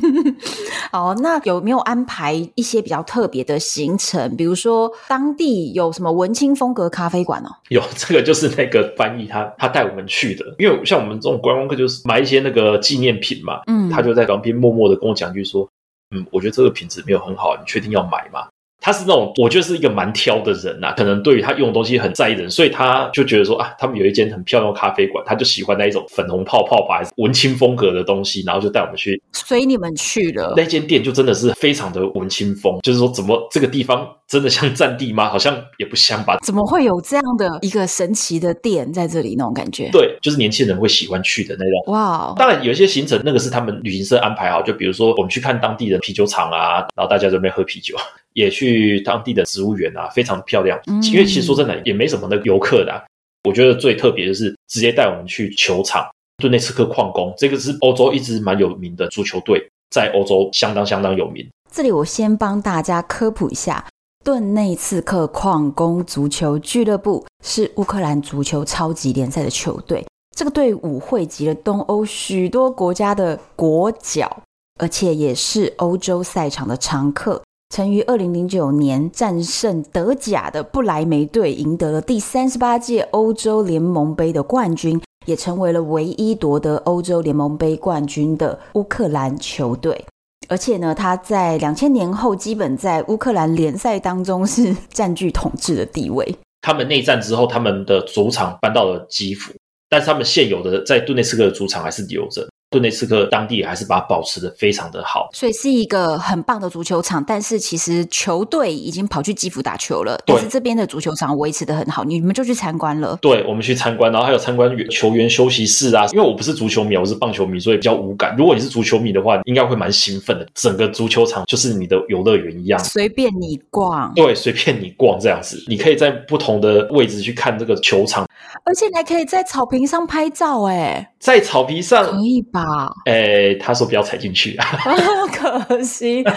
好，那有沒有安排一些比較特別的行程？比如說當地有什麼文青風格咖啡館哦？有，這個就是那個翻譯他他帶我們去的，因為像我們這種觀光客就是買一些那個紀念品嘛，嗯，他就在旁邊默默的跟我講一句說，嗯，我覺得這個品質沒有很好，你確定要買嗎？他是那種，我就是一個蠻挑的人吶、啊，可能對於他用的東西很在意的人，所以他就覺得說啊，他們有一間很漂亮的咖啡館，他就喜歡那一種粉紅泡泡白文青風格的東西，然後就帶我們去，所以你們去了。那間店就真的是非常的文青風，就是說怎麼這個地方。真的像戰地嗎？好像也不像吧。怎麼會有這樣的一個神奇的店在這裡？那種感覺，對，就是年輕人會喜歡去的那種。哇、wow，當然有一些行程，那個是他們旅行社安排好。就比如說，我們去看當地的啤酒廠啊，然後大家準備喝啤酒，也去當地的植物園啊，非常漂亮。因、嗯、為其實說真的，也沒什麼那遊客的。我覺得最特別的是直接帶我們去球場，就頓內次克礦工，這個是歐洲一支蠻有名的足球隊，在歐洲相當相當有名。這裡我先幫大家科普一下。頓內次克礦工足球俱樂部是烏克蘭足球超級聯賽的球隊。這個隊伍匯集了東歐許多國家的國腳，而且也是歐洲賽場的常客。曾於二零零九年戰勝德甲的不來梅隊，贏得了第三十八屆歐洲聯盟盃的冠軍，也成為了唯一奪得歐洲聯盟盃冠軍的烏克蘭球隊。而且呢，他在兩千年後基本在烏克蘭聯賽當中是佔據統治的地位。他們內戰之後，他們的主場搬到了基輔，但是他們現有的在頓涅茨克的主場還是留着。頓內次克當地還是把它保持得非常的好，所以是一個很棒的足球場。但是其實球隊已經跑去基輔打球了，但是這邊的足球場維持得很好，你們就去參觀了？對，我們去參觀，然後還有參觀球員休息室啊。因為我不是足球迷，我是棒球迷，所以比較無感。如果你是足球迷的話，應該會蠻興奮的。整個足球場就是你的遊樂園一樣，隨便你逛。對，隨便你逛這樣子，你可以在不同的位置去看這個球場，而且你還可以在草坪上拍照誒、欸。在草皮上可以吧？哎、欸，他說不要踩進去啊， 可惜。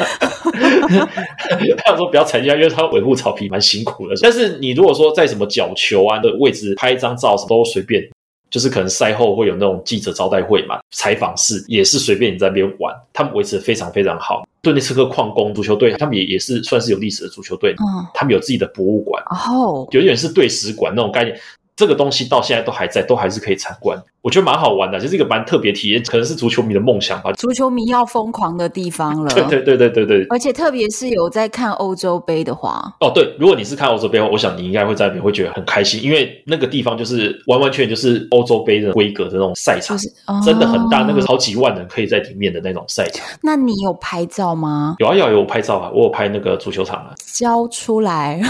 他說不要踩進去，因為他維護草皮蠻辛苦的。但是你如果說在什麼角球啊的位置拍一張照什麼，都隨便。就是可能賽後會有那種記者招待會嘛，採訪室也是隨便你在那邊玩。他們維持的非常非常好。頓涅茨克礦工足球隊，他們也也是算是有歷史的足球隊。嗯，他們有自己的博物館，然、哦、有點是隊史館那種概念。這個東西到現在都還在，都還是可以參觀，我覺得蠻好玩的，就是一個蠻特別體驗，可能是足球迷的夢想吧。足球迷要瘋狂的地方了，對對對對對對，而且特別是有在看歐洲盃的話，哦對，如果你是看歐洲盃的話，我想你應該會在裡面會覺得很開心，因為那個地方就是完完全全就是歐洲盃的規格的那種賽場，就是、哦、真的很大，那個好幾萬人可以在裡面的那種賽場。那你有拍照嗎？有啊，有有拍照啊，我有拍那個足球場啊。交出來。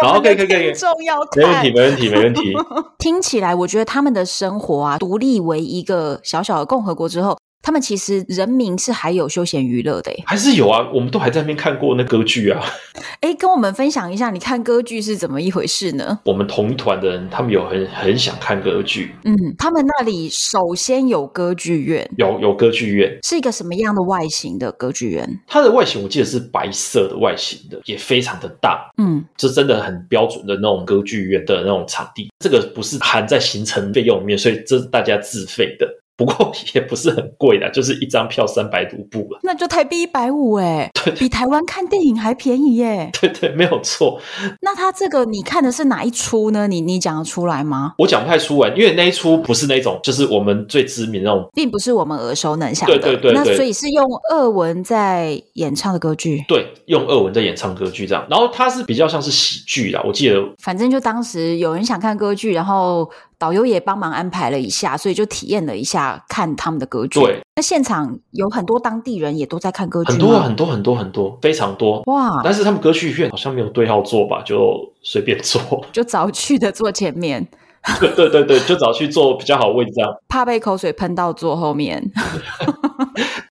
好， 可以可以可以，重要，沒問題沒問題沒問題。沒問題 聽起來，我覺得他們的生活啊，獨立為一個小小的共和國之後，他們其實人民是還有休閒娛樂的。欸，還是有啊，我們都還在那邊看過那歌劇啊。哎、欸，跟我們分享一下，你看歌劇是怎麼一回事呢？我們同一團的人，他們有很很想看歌劇。嗯，他們那裡首先有歌劇院，有有歌劇院。是一個什麼樣的外形的歌劇院？它的外形我記得是白色的外形的，也非常的大。嗯，就真的很標準的那種歌劇院的那種場地。這個不是含在行程費用裡面，所以這是大家自費的。不過也不是很貴啦，就是一張票三百盧布。那就台幣一百五誒。對，比台灣看電影還便宜耶、欸。對，對對，沒有錯。那他這個你看的是哪一出呢？你你講得出來嗎？我講不太出來、欸、因為那一出不是那種，就是我們最知名的那種，並不是我們耳熟能詳的。對，對對對，那所以是用俄文在演唱的歌劇。對，用俄文在演唱歌劇這樣，然後它是比較像是喜劇啦。我記得，反正就當時有人想看歌劇，然後。導遊也幫忙安排了一下，所以就體驗了一下看他們的歌劇。對，那現場有很多當地人也都在看歌劇，很多很多很多很多，非常多哇、wow！但是他們歌劇院好像沒有對號坐吧，就隨便坐，就早去的坐前面。 對，對對對，就早去坐比較好位置這樣，怕被口水噴到坐後面。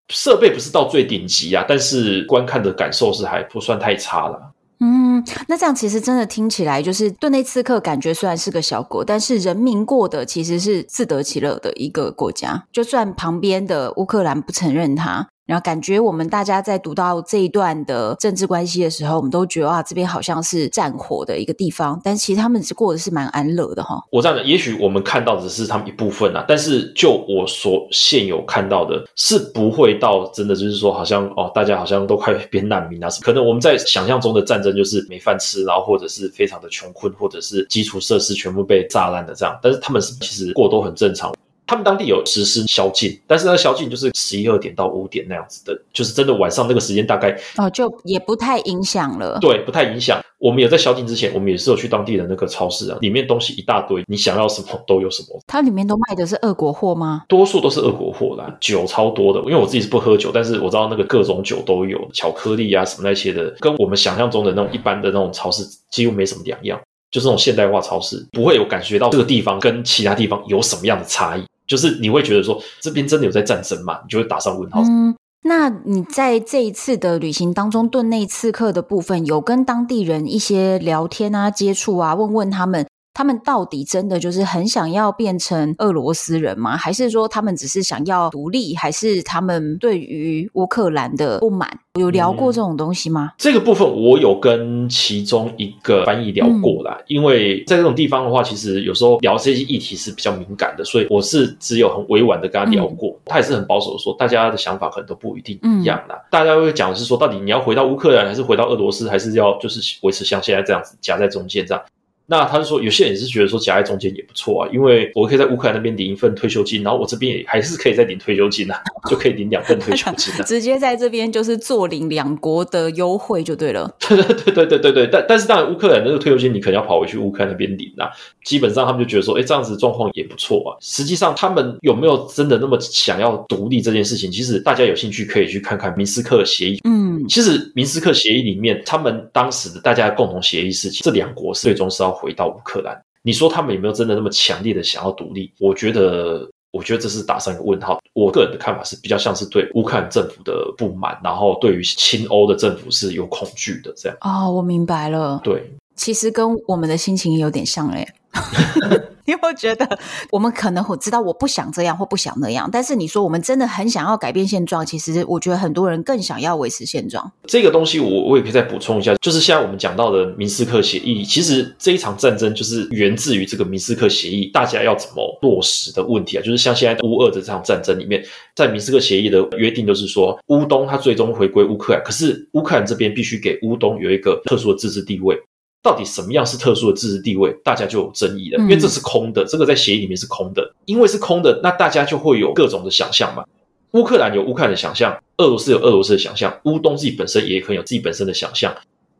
設 備不是到最頂級啊，但是觀看的感受是還不算太差了。嗯，那這樣其實真的聽起來，就是頓內次克感覺雖然是個小國，但是人民過的其實是自得其樂的一個國家，就算旁邊的烏克蘭不承認他，然後感覺我們大家在讀到這一段的政治關係的時候，我們都覺得啊，這邊好像是戰火的一個地方，但是其實他們是過得是蠻安樂的哈、哦。我這樣的，也許我們看到的是他們一部分啊，但是就我所現有看到的，是不會到真的就是說，好像哦，大家好像都快變難民啊什麼。可能我們在想象中的戰爭就是沒飯吃，然後或者是非常的窮困，或者是基礎設施全部被炸爛的這樣。但是他們是其實過都很正常。他們當地有實施宵禁，但是呢，宵禁就是十一二點到五點那樣子的，就是真的晚上那個時間大概哦，就也不太影響了。對，不太影響。我們有在宵禁之前，我們也是有去當地的那個超市啊，裡面東西一大堆，你想要什麼都有什麼。它裡面都賣的是俄國貨嗎？多數都是俄國貨啦，酒超多的。因為我自己是不喝酒，但是我知道那個各種酒都有，巧克力啊什麼那些的，跟我們想象中的那種一般的那種超市幾乎沒什麼兩樣，就是那種現代化超市，不會有感覺到這個地方跟其他地方有什麼樣的差異。就是你會覺得說這邊真的有在戰爭嗎？你就會打上問號。嗯，那你在這一次的旅行當中，頓內次克的部分，有跟當地人一些聊天啊、接觸啊，問問他們。他們到底真的就是很想要變成俄羅斯人嗎？還是說他們只是想要獨立？還是他們對於烏克蘭的不滿？有聊過這種東西嗎、嗯？這個部分我有跟其中一個翻譯聊過啦、嗯。因為在這種地方的話，其實有時候聊這些議題是比較敏感的，所以我是只有很委婉的跟他聊過。嗯、他也是很保守的說，大家的想法可能都不一定一樣啦。嗯、大家會講的是說，到底你要回到烏克蘭，還是回到俄羅斯，還是要就是維持像現在這樣子夾在中間這樣。那他就說，有些人也是覺得說夾在中間也不錯啊，因為我可以在烏克蘭那邊領一份退休金，然後我這邊也還是可以再領退休金啊，就可以領兩份退休金。直接在這邊就是坐領兩國的優惠就對了。 對對對對對對，但但是當然烏克蘭那個退休金你可能要跑回去烏克蘭那邊領啦、啊。基本上他們就覺得說，哎，這樣子狀況也不錯啊。實際上他們有沒有真的那麼想要獨立這件事情？其實大家有興趣可以去看看明斯克協議。嗯，其實明斯克協議裡面，他們當時大家的共同協議事情，這兩國是最終是要。回到烏克蘭，你說他們有沒有真的那麼強烈的想要獨立？我覺得，我覺得這是打上一個問號。我個人的看法是比較像是對烏克蘭政府的不滿，然後對於親歐的政府是有恐懼的這樣。哦，我明白了。對，其實跟我們的心情有點像誒。 你會覺得我們可能會知道我不想這樣或不想那樣，但是你說我們真的很想要改變現狀，其實我覺得很多人更想要維持現狀。這個東西我我也可以再補充一下，就是現在我們講到的明斯克協議，其實這一場戰爭就是源自於這個明斯克協議大家要怎麼落實的問題啊。就是像現在烏俄的這場戰爭裡面，在明斯克協議的約定就是說，烏東它最終回歸烏克蘭，可是烏克蘭這邊必須給烏東有一個特殊的自治地位。到底什麼樣是特殊的自治地位，大家就有爭議了，因為這是空的，嗯，這個在協議裡面是空的，因為是空的，那大家就會有各種的想象嘛。烏克蘭有烏克蘭的想象，俄羅斯有俄羅斯的想象，烏東自己本身也可以有自己本身的想象。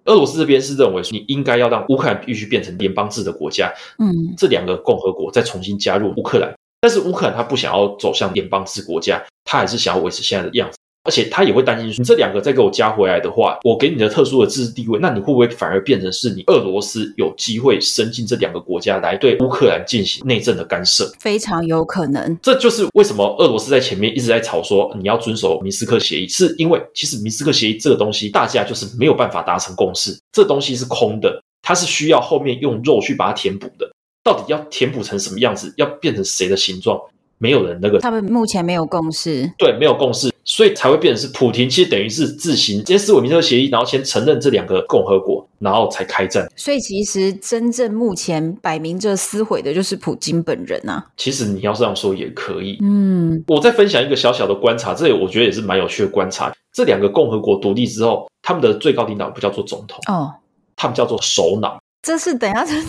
俄羅斯這邊是認為說，你應該要讓烏克蘭必須變成聯邦制的國家，嗯，這兩個共和國再重新加入烏克蘭，但是烏克蘭他不想要走向聯邦制國家，他還是想要維持現在的樣子。而且他也會擔心說，你這兩個再給我加回來的話，我給你的特殊的自治地位，那你會不會反而變成是你俄羅斯有機會伸進這兩個國家來對烏克蘭進行內政的干涉？非常有可能。這就是為什麼俄羅斯在前面一直在吵說你要遵守明斯克協議，是因為其實明斯克協議這個東西大家就是沒有辦法達成共識，這東西是空的，它是需要後面用肉去把它填補的。到底要填補成什麼樣子？要變成誰的形狀？沒有人那個，他們目前沒有共識，對，沒有共識，所以才會變成是普京，其實等於是自行撕毀明斯克協議，然後先承認這兩個共和國，然後才開戰。所以其實真正目前擺明着撕毀的，就是普京本人啊。其實你要這樣說也可以。嗯，我再分享一個小小的觀察，這裡我覺得也是蠻有趣的觀察。這兩個共和國獨立之後，他們的最高領導不叫做總統哦，他們叫做首腦。這是等一下這是，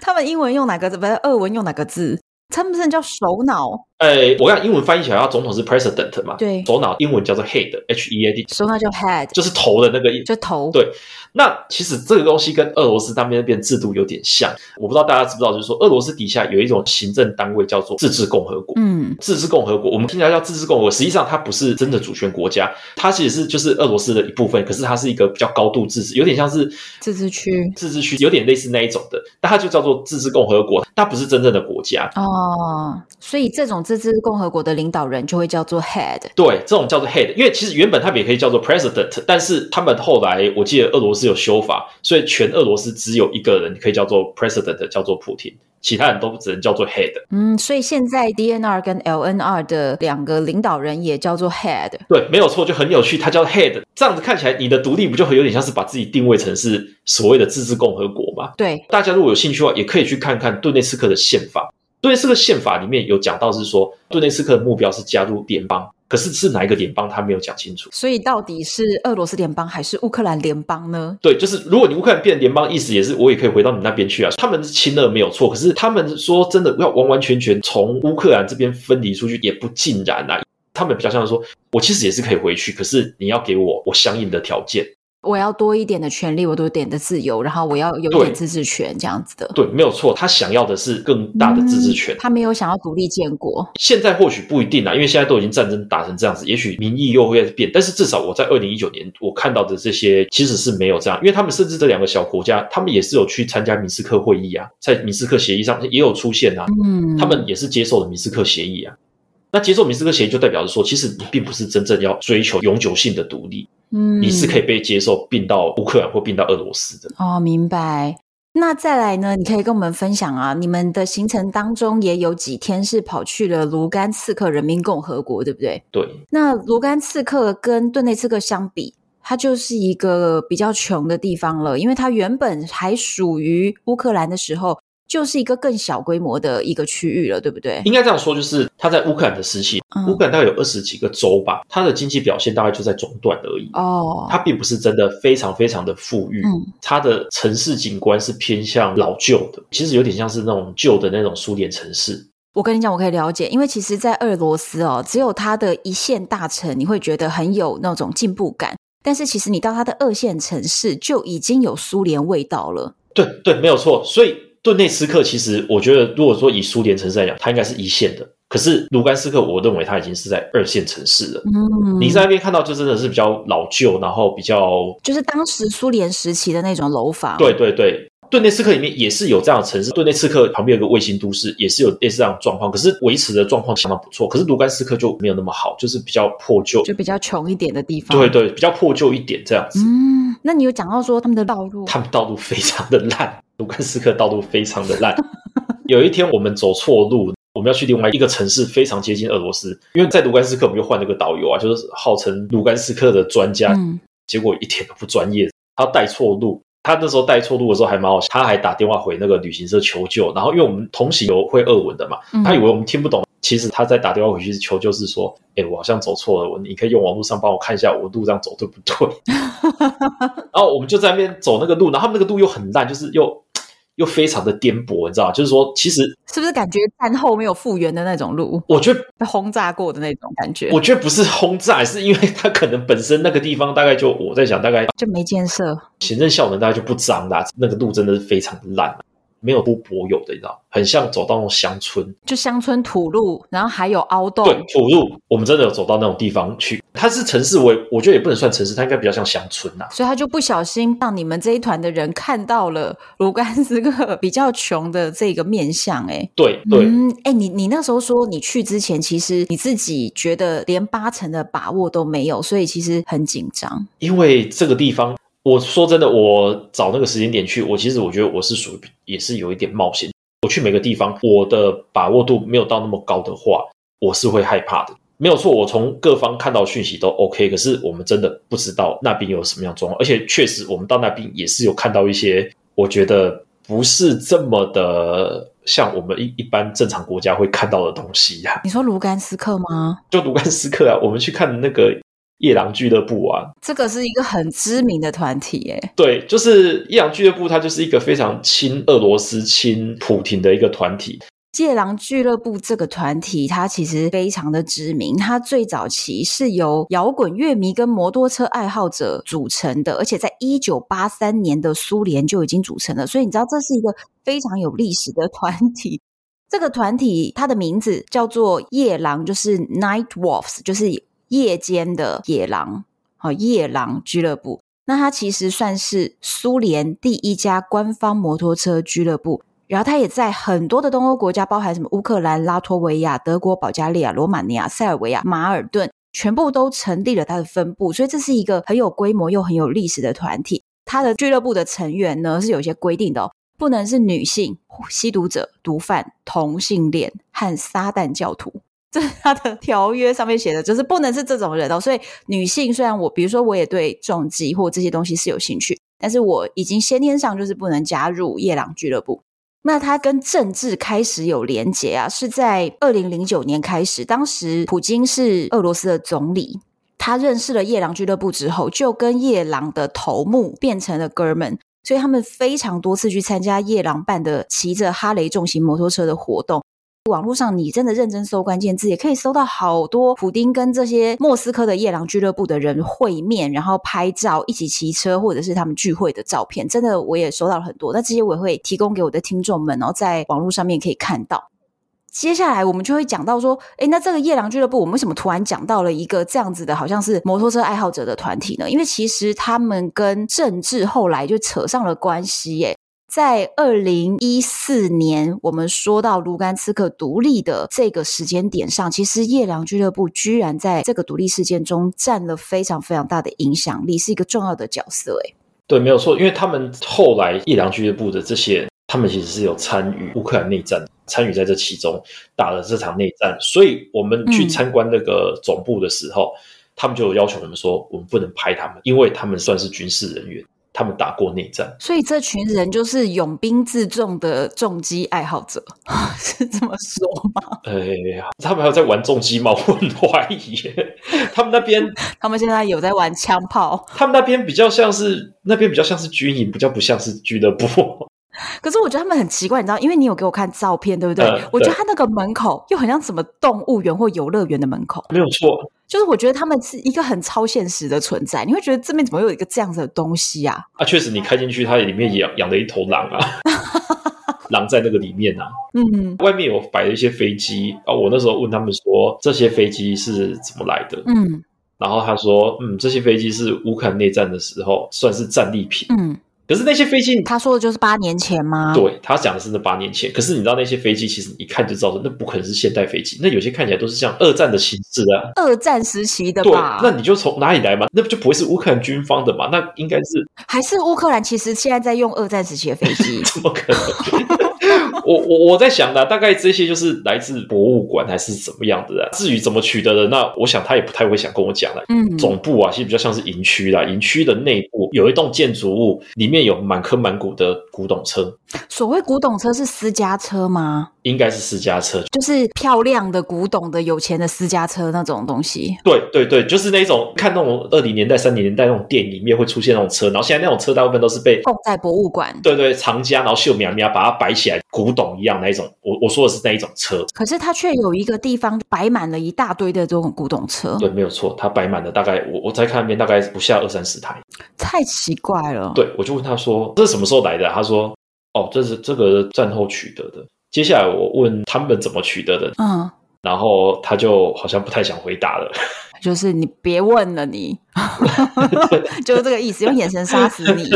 他們英文用哪個字？不是，俄文用哪個字？稱不稱叫首腦？哎，我跟你講英文翻譯起來，總統是 president 嘛，對，首腦英文叫做 head，h e a d，首腦叫 head，就是頭的那個音，就頭。對，那其實這個東西跟俄羅斯他們那邊制度有點像，我不知道大家知不知道，就是說俄羅斯底下有一種行政單位叫做自治共和國。嗯，自治共和國，我們聽起來叫自治共和國，實際上它不是真的主權國家，它其實是就是俄羅斯的一部分，可是它是一個比較高度自治，有點像是自治區，嗯、自治區有點類似那一種的，那它就叫做自治共和國，它不是真正的國家。哦，所以這種。自治共和國的領導人就會叫做 head，對，這種叫做 head，因為其實原本他們也可以叫做 president，但是他們後來我記得俄羅斯有修法，所以全俄羅斯只有一個人可以叫做 president，叫做普丁，其他人都只能叫做 head。嗯，所以現在 DNR 跟 LNR 的兩個領導人也叫做 head，對，沒有錯，就很有趣，他叫 head，這樣子看起來你的獨立不就很有點像是把自己定位成是所謂的自治共和國嗎？對，大家如果有興趣的話，也可以去看看頓內次克的憲法。對，這個憲法裡面有講到是說，頓內次克的目標是加入聯邦，可是是哪一個聯邦他沒有講清楚。所以到底是俄羅斯聯邦還是烏克蘭聯邦呢？對，就是如果你烏克蘭變成聯邦，意思也是我也可以回到你那邊去啊。他們是親俄沒有錯，可是他們說真的要完完全全從烏克蘭這邊分離出去也不盡然啊。他們比較像是說，我其實也是可以回去，可是你要給我我相應的條件。我要多一點的權利，我多一點的自由，然後我要有點自治權，這樣子的。對，沒有錯。他想要的是更大的自治權，嗯、他沒有想要獨立建國。現在或許不一定啦、啊，因為現在都已經戰爭打成這樣子，也許民意又會變。但是至少我在二零一九年我看到的這些，其實是沒有這樣，因為他們甚至這兩個小國家，他們也是有去參加明斯克會議啊，在明斯克協議上也有出現啊。嗯，他們也是接受了明斯克協議啊。那接受明斯克協議，就代表着說，其實你並不是真正要追求永久性的獨立，嗯，你是可以被接受併到烏克蘭或併到俄羅斯的。哦，明白。那再來呢？你可以跟我們分享啊，你們的行程當中也有幾天是跑去了盧甘次克人民共和國，對不對？對。那盧甘次克跟頓內茨克相比，它就是一個比較窮的地方了，因為它原本還屬於烏克蘭的時候。就是一個更小規模的一個區域了，對不對？應該這樣說，就是他在烏克蘭的時期，嗯、烏克蘭大概有二十幾個州吧，它的經濟表現大概就在中段而已。哦，它並不是真的非常非常的富裕。嗯，它的城市景觀是偏向老舊的，其實有點像是那種舊的那種蘇聯城市。我跟你講，我可以了解，因為其實在俄羅斯哦，只有它的一線大城，你會覺得很有那種進步感。但是其實你到它的二線城市，就已經有蘇聯味道了。對對，沒有錯。所以。頓內次克其實，我覺得，如果說以蘇聯城市來講，它應該是一線的。可是盧甘斯克，我認為它已經是在二線城市了。嗯，你在那邊看到就真的是比較老舊，然後比較就是當時蘇聯時期的那種樓房。對對對，頓內次克裡面也是有這樣的城市。頓內次克旁邊有個衛星都市，也是有類似這樣的狀況，可是維持的狀況相當不錯。可是盧甘斯克就沒有那麼好，就是比較破舊，就比較窮一點的地方。對對、對，比較破舊一點這樣子。嗯，那你有講到說他們的道路？他們道路非常的爛。盧甘斯克道路非常的爛。有一天，我們走錯路，我們要去另外一個城市，非常接近俄羅斯。因為在盧甘斯克，我們就換了個導遊啊，就是號稱盧甘斯克的專家，結果一點都不專業。他帶錯路，他那時候帶錯路的時候還蠻好笑，他還打電話回那個旅行社求救。然後，因為我們同行有會俄文的嘛，他以為我們聽不懂，其實他在打電話回去求救是說：“哎，我好像走錯了，你可以用網路上幫我看一下我路上走對不對？”然後我們就在那邊走那個路，然後他們那個路又很爛，就是又。又非常的顛簸，你知道就是說，其實是不是感覺戰後沒有復原的那種路？我覺得轟炸過的那種感覺。我覺得不是轟炸，是因為它可能本身那個地方大概就我在想，大概就沒建設，行政效能大概就不彰啦、啊。那個路真的是非常的爛。沒有不柏油的，你知道，很像走到那種鄉村，就鄉村土路，然後還有凹洞。對，土路，我們真的有走到那種地方去。它是城市，我我覺得也不能算城市，它應該比較像鄉村吶、啊。所以，他就不小心讓你們這一團的人看到了盧甘斯克比較窮的這個面向、欸。哎，對，嗯，欸、你你那時候說你去之前，其實你自己覺得連八成的把握都沒有，所以其實很緊張。因為這個地方。我說真的，我找那個時間點去，我其實我覺得我是屬於也是有一點冒險。我去每個地方，我的把握度沒有到那麼高的話，我是會害怕的。沒有錯，我從各方看到訊息都 OK，可是我們真的不知道那邊有什麼樣的狀況，而且確實我們到那邊也是有看到一些，我覺得不是這麼的像我們一一般正常國家會看到的東西呀、啊。你說盧甘斯克嗎？就盧甘斯克啊，我們去看那個。夜狼俱樂部啊，這個是一個很知名的團體，哎，對，就是夜狼俱樂部，它就是一個非常親俄羅斯、親普丁的一個團體。夜狼俱樂部這個團體，它其實非常的知名。它最早期是由搖滾樂迷跟摩托車愛好者組成的，而且在一九八三年的蘇聯就已經組成了，所以你知道，這是一個非常有歷史的團體。這個團體它的名字叫做夜狼，就是 Night Wolves，就是。夜間的野狼，好、哦、夜狼俱樂部。那它其實算是蘇聯第一家官方摩托車俱樂部。然後它也在很多的東歐國家，包含什麼烏克蘭、拉脫維亞、德國、保加利亞、羅馬尼亞、塞爾維亞、馬爾頓，全部都成立了它的分部。所以這是一個很有規模又很有歷史的團體。它的俱樂部的成員呢，是有一些規定的哦，不能是女性、吸毒者、毒販、同性戀和撒旦教徒。這是他的條約上面寫的，就是不能是這種人哦。所以女性雖然我，比如說我也對重機或這些東西是有興趣，但是我已經先天上就是不能加入夜狼俱樂部。那他跟政治開始有連結啊，是在二零零九年開始，當時普京是俄羅斯的總理，他認識了夜狼俱樂部之後，就跟夜狼的頭目變成了哥們，所以他們非常多次去參加夜狼辦的騎着哈雷重型摩托車的活動。網絡上，你真的認真搜關鍵字，也可以搜到好多普丁跟這些莫斯科的夜狼俱樂部的人會面，然後拍照，一起騎車，或者是他們聚會的照片。真的，我也收到了很多。那這些我也會提供給我的聽眾們，然後在網絡上面可以看到。接下來我們就會講到說，誒，那這個夜狼俱樂部，我們為什麼突然講到了一個這樣子的，好像是摩托車愛好者的團體呢？因為其實他們跟政治後來就扯上了關係耶、欸。在二零一四年，我們說到盧甘茨克獨立的這個時間點上，其實夜狼俱樂部居然在這個獨立事件中佔了非常非常大的影響力，是一個重要的角色、欸。哎，對，沒有錯，因為他們後來夜狼俱樂部的這些，他們其實是有參與烏克蘭內戰，參、嗯、與在這其中打了這場內戰。所以我們去參觀那個總部的時候，嗯、他們就要求我們說，我們不能拍他們，因為他們算是軍事人員。他們打過內戰，所以這群人就是擁兵自重的重機愛好者，是這麼說嗎？哎呀，他們還有在玩重機嗎？我很懷疑。他們那邊， 他們現在有在玩槍炮？他們那邊比較像是，那邊比較像是軍營，比較不像是俱樂部。可是我覺得他們很奇怪，你知道，因為你有給我看照片，對不對？啊、對。我覺得他那個門口又很像什麼動物園或遊樂園的門口，沒有錯。就是我覺得他們是一個很超現實的存在，你會覺得這邊怎麼會有一個這樣子的東西啊？啊，確實，你開進去，它裡面養養了一頭狼啊， 狼在那個裡面啊。 嗯，外面有擺了一些飛機啊、哦。我那時候問他們說，這些飛機是怎麼來的？嗯，然後他說，嗯，這些飛機是烏克蘭內戰的時候算是戰利品。嗯。可是那些飛機，他說的就是八年前嗎？對，他講的是那八年前。可是你知道那些飛機，其實一看就知道說那不可能是現代飛機。那有些看起來都是像二戰的形式啊，二戰時期的吧？對，那你就從哪裡來嘛？那不就不會是烏克蘭軍方的嘛？那應該是還是烏克蘭？其實現在在用二戰時期的飛機， 怎麼可能？ 我我我在想的、啊，大概這些就是來自博物館還是怎麼樣的、啊？至於怎麼取得的，那我想他也不太會想跟我講了、啊。嗯，總部啊，其實比較像是營區啦，營區的內部。有一棟建築物裡面有滿坑滿谷的古董車。所謂古董車是私家車嗎？應該是私家車，就是漂亮的古董的、有錢的私家車那種東西。對對對，就是那種看那種二零年代、三零年代那種店裡面會出現那種車，然後現在那種車大部分都是被放在博物館，對對、對，藏家然後秀苗苗把它擺起來，古董一樣那一種。我我說的是那一種車。可是它卻有一個地方擺滿了一大堆的這種古董車。對，沒有錯，它擺滿了大概我我在看那邊大概不下二三十台。太奇怪了，對，我就問他說這是什麼時候來的？他說哦，這是這個戰後取得的。接下來我問他們怎麼取得的，嗯，然後他就好像不太想回答了，就是你別問了你，你 就是這個意思，用眼神殺死你，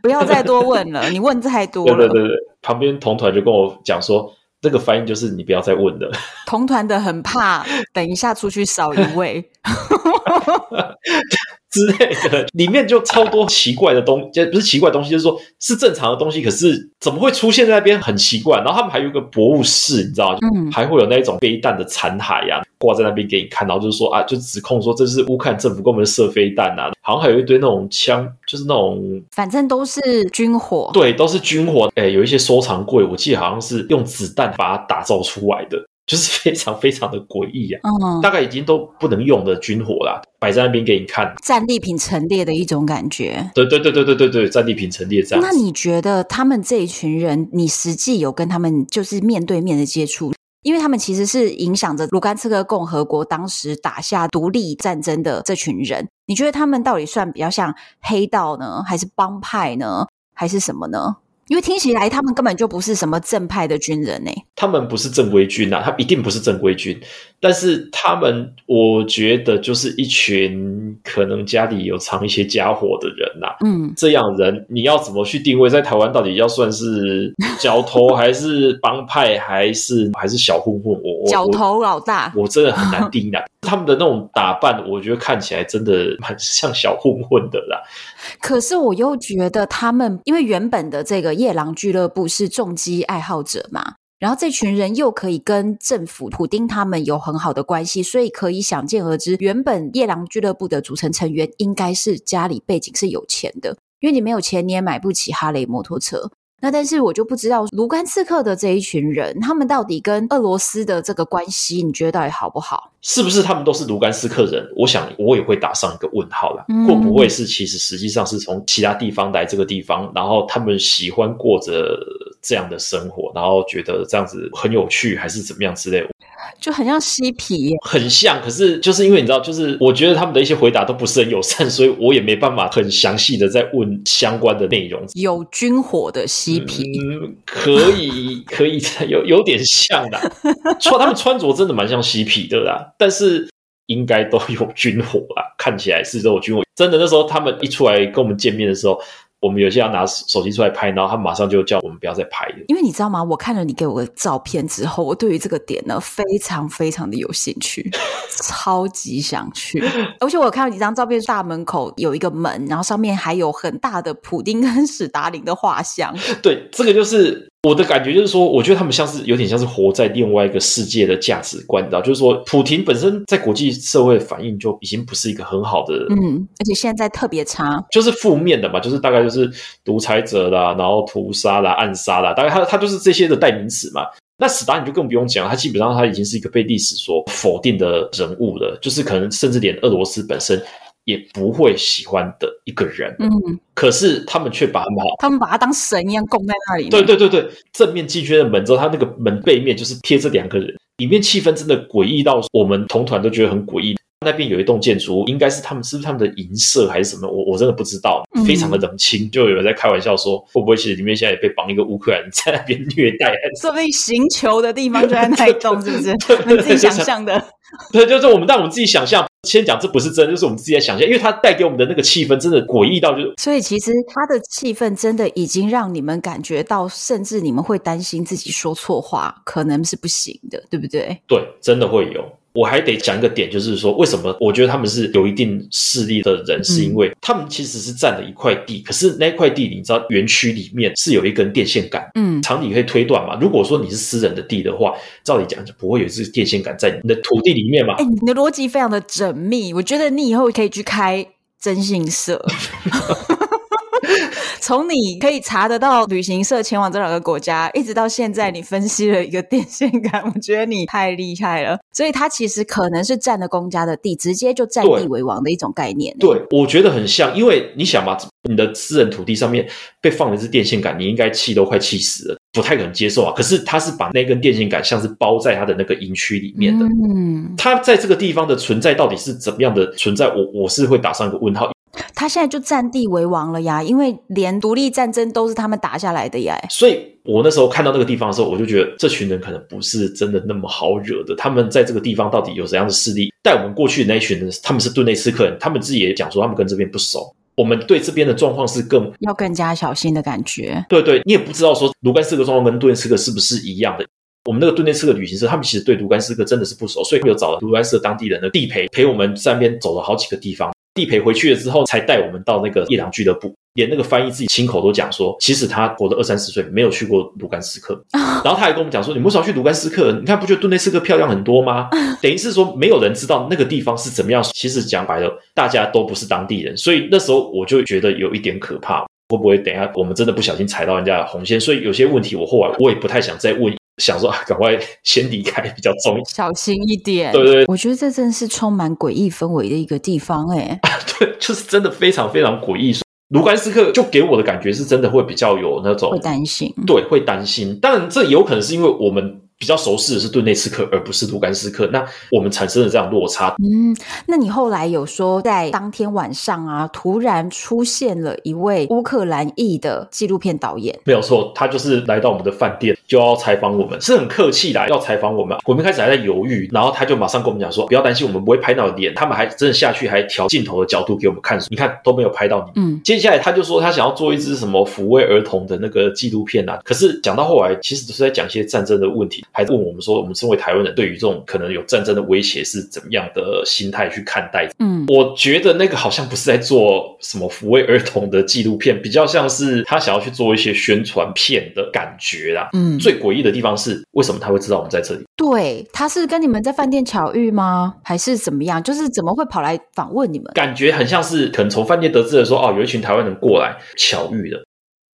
不要再多問了， 你問太多了。對，對對，旁邊同團就跟我講說，這、那個翻譯就是你不要再問了，同團的很怕，等一下出去少一位。 之類的，裡面就超多奇怪的東西，就不是奇怪的東西，就是說是正常的東西，可是怎麼會出現在那邊很奇怪？然後他們還有一個博物室，你知道嗎？嗯，還會有那一種飛彈的殘骸呀掛在那邊給你看，然後就是說啊，就指控說這是烏克蘭政府給我們射飛彈吶、啊，好像還有一堆那種槍，就是那種反正都是軍火，對，都是軍火。哎、欸，有一些收藏櫃，我記得好像是用子彈把它打造出來的。就是非常非常的詭異啊！嗯，大概已經都不能用的軍火啦，擺在那邊給你看，戰利品陳列的一種感覺。對對對對對對對，戰利品陳列這樣。那你覺得他們這一群人，你實際有跟他們就是面對面的接觸？因為他們其實是影響着盧甘茨克共和國當時打下獨立戰爭的這群人。你覺得他們到底算比較像黑道呢？還是幫派呢？還是什麼呢？因為聽起來他們根本就不是什麼正派的軍人呢、欸。他們不是正規軍吶、啊，他們一定不是正規軍。但是他們，我覺得就是一群可能家裡有藏一些家伙的人吶、啊。嗯，這樣人你要怎麼去定位在台灣？到底要算是角頭還是幫派，還是 還是小混混？我角頭老大我，我真的很難定的。 他們的那種打扮，我覺得看起來真的蠻像小混混的啦。可是我又覺得他們，因為原本的這個。夜狼俱樂部是重機愛好者嘛？然後這群人又可以跟政府、普丁他們有很好的關係，所以可以想見而知，原本夜狼俱樂部的組成成員應該是家裡背景是有錢的，因為你沒有錢，你也買不起哈雷摩托車。那但是我就不知道盧甘斯克的這一群人，他們到底跟俄羅斯的這個關係，你覺得到底好不好？是不是他們都是盧甘斯克人？我想我也會打上一個問號啦。會、嗯、不會是其實實際上是從其他地方來這個地方，然後他們喜歡過着。這樣的生活，然後覺得這樣子很有趣，還是怎麼樣之類的，就很像嬉皮，很像。可是就是因為你知道，就是我覺得他們的一些回答都不是很友善，所以我也沒辦法很詳細的再問相關的內容。有軍火的嬉皮、嗯，可以可以有有點像的、啊，穿 他們穿着真的蠻像嬉皮的啦、啊，但是應該都有軍火啦。看起來是都有軍火。真的那時候他們一出來跟我們見面的時候。我們有些要拿手機出來拍，然後他馬上就叫我們不要再拍了。因為你知道嗎？我看了你給我的照片之後，我對於這個點呢非常非常的有興趣， 超級想去。而且我有看到幾張照片，大門口有一個門，然後上面還有很大的普丁跟史達林的畫像。對，這個就是。我的感覺就是說，我覺得他們像是有點像是活在另外一個世界的價值觀，你知道？就是說，普丁本身在國際社會反應就已經不是一個很好的，嗯，而且現在特別差，就是負面的嘛，就是大概就是獨裁者啦，然後屠殺啦、暗殺啦，大概他他就是這些的代名詞嘛。那史達你就更不用講，他基本上他已經是一個被歷史所否定的人物了，就是可能甚至連俄羅斯本身。嗯也不會喜歡的一個人。嗯，可是他們卻把他們，他們把他當神一樣供在那裡。對對對對，正面進去的門之後，他那個門背面就是貼着兩個人，裡面氣氛真的詭異到我們同團都覺得很詭異。那邊有一棟建築，應該是他們，是不是他們的銀色還是什麼？我我真的不知道，非常的冷清。嗯。就有人在開玩笑說，會不會其實裡面現在也被綁一個烏克蘭在那邊虐待？說不定行刑的地方就在那一棟，是不是？ 對對對對對，你自己想象的。 對，就是我們，但我們自己想象。先講這不是真的，就是我們自己在想象，因為它帶給我們的那個氣氛真的詭異到，就是。所以其實它的氣氛真的已經讓你們感覺到，甚至你們會擔心自己說錯話，可能是不行的，對不對？對，真的會有。我還得講一個點，就是說為什麼我覺得他們是有一定勢力的人，嗯，是因為他們其實是佔了一塊地，可是那塊地你知道園區裡面是有一根電線桿，嗯，常理可以推斷嘛。如果說你是私人的地的話，照理講就不會有這電線桿在你的土地裡面嘛。哎，你的邏輯非常的縝密，我覺得你以後可以去開徵信社。 從你可以查得到旅行社前往這兩個國家，一直到現在，你分析了一個電線桿，我覺得你太厲害了。所以，他其實可能是占了公家的地，直接就占地為王的一種概念對。對，我覺得很像，因為你想把你的私人土地上面被放的是電線桿，你應該氣都快氣死了，不太可能接受啊。可是，他是把那根電線桿像是包在他的那個營區裡面的。嗯，他在這個地方的存在到底是怎麼樣的存在？我我是會打上一個問號。他現在就占地為王了呀，因為連獨立戰爭都是他們打下來的呀。所以我那時候看到那個地方的時候，我就覺得這群人可能不是真的那麼好惹的。他們在這個地方到底有怎樣的勢力？帶我們過去的那一群人，他們是頓內斯克人，他們自己也講說他們跟這邊不熟。我們對這邊的狀況是更要更加小心的感覺。對對，你也不知道說盧甘斯克狀況跟頓內斯克是不是一樣的。我們那個頓內斯克旅行社，他們其實對盧甘斯克真的是不熟，所以他們有找了盧甘斯克當地人的地陪陪我們在那邊走了好幾個地方。地陪回去了之後，才帶我們到那個夜狼俱樂部。連那個翻譯自己親口都講說，其實他活了二三十歲，沒有去過盧甘斯克、啊。然後他還跟我們講說：“你們少去盧甘斯克，你看，不覺得頓內次克漂亮很多嗎？”等於是說，沒有人知道那個地方是怎麼樣。啊、其實講白了，大家都不是當地人，所以那時候我就覺得有一點可怕，會不會等一下我們真的不小心踩到人家的紅線？所以有些問題，我後來我也不太想再問。想說、啊，趕快先離開比較重，小心一點。對不對？我覺得這真是充滿詭異氛圍的一個地方、欸，哎，啊，對，就是真的非常非常詭異。盧甘斯克就給我的感覺是真的會比較有那種會擔心，對，會擔心。但這有可能是因為我們。比較熟悉的是頓內次克，而不是盧甘斯克。那我們產生了這樣落差，嗯，那你後來有說在當天晚上啊，突然出現了一位烏克蘭裔的紀錄片導演，沒有錯，他就是來到我們的飯店，就要採訪我們，是很客氣啦，要採訪我們。我們開始還在猶豫，然後他就馬上跟我們講說，不要擔心，我們不會拍到臉。他們還真的下去，還調鏡頭的角度給我們看，你看都沒有拍到你。嗯，接下來他就說他想要做一支什麼撫慰兒童的那個紀錄片啊，可是講到後來，其實都是在講一些戰爭的問題。還是問我們說，我們身為台灣人，對於這種可能有戰爭的威脅是怎麼樣的心態去看待？嗯，我覺得那個好像不是在做什麼撫慰兒童的紀錄片，比較像是他想要去做一些宣傳片的感覺啦。嗯，最詭異的地方是，為什麼他會知道我們在這裡？對，他是跟你們在飯店巧遇嗎？還是怎麼樣？就是怎麼會跑來訪問你們？感覺很像是可能從飯店得知的，說哦，有一群台灣人過來巧遇的。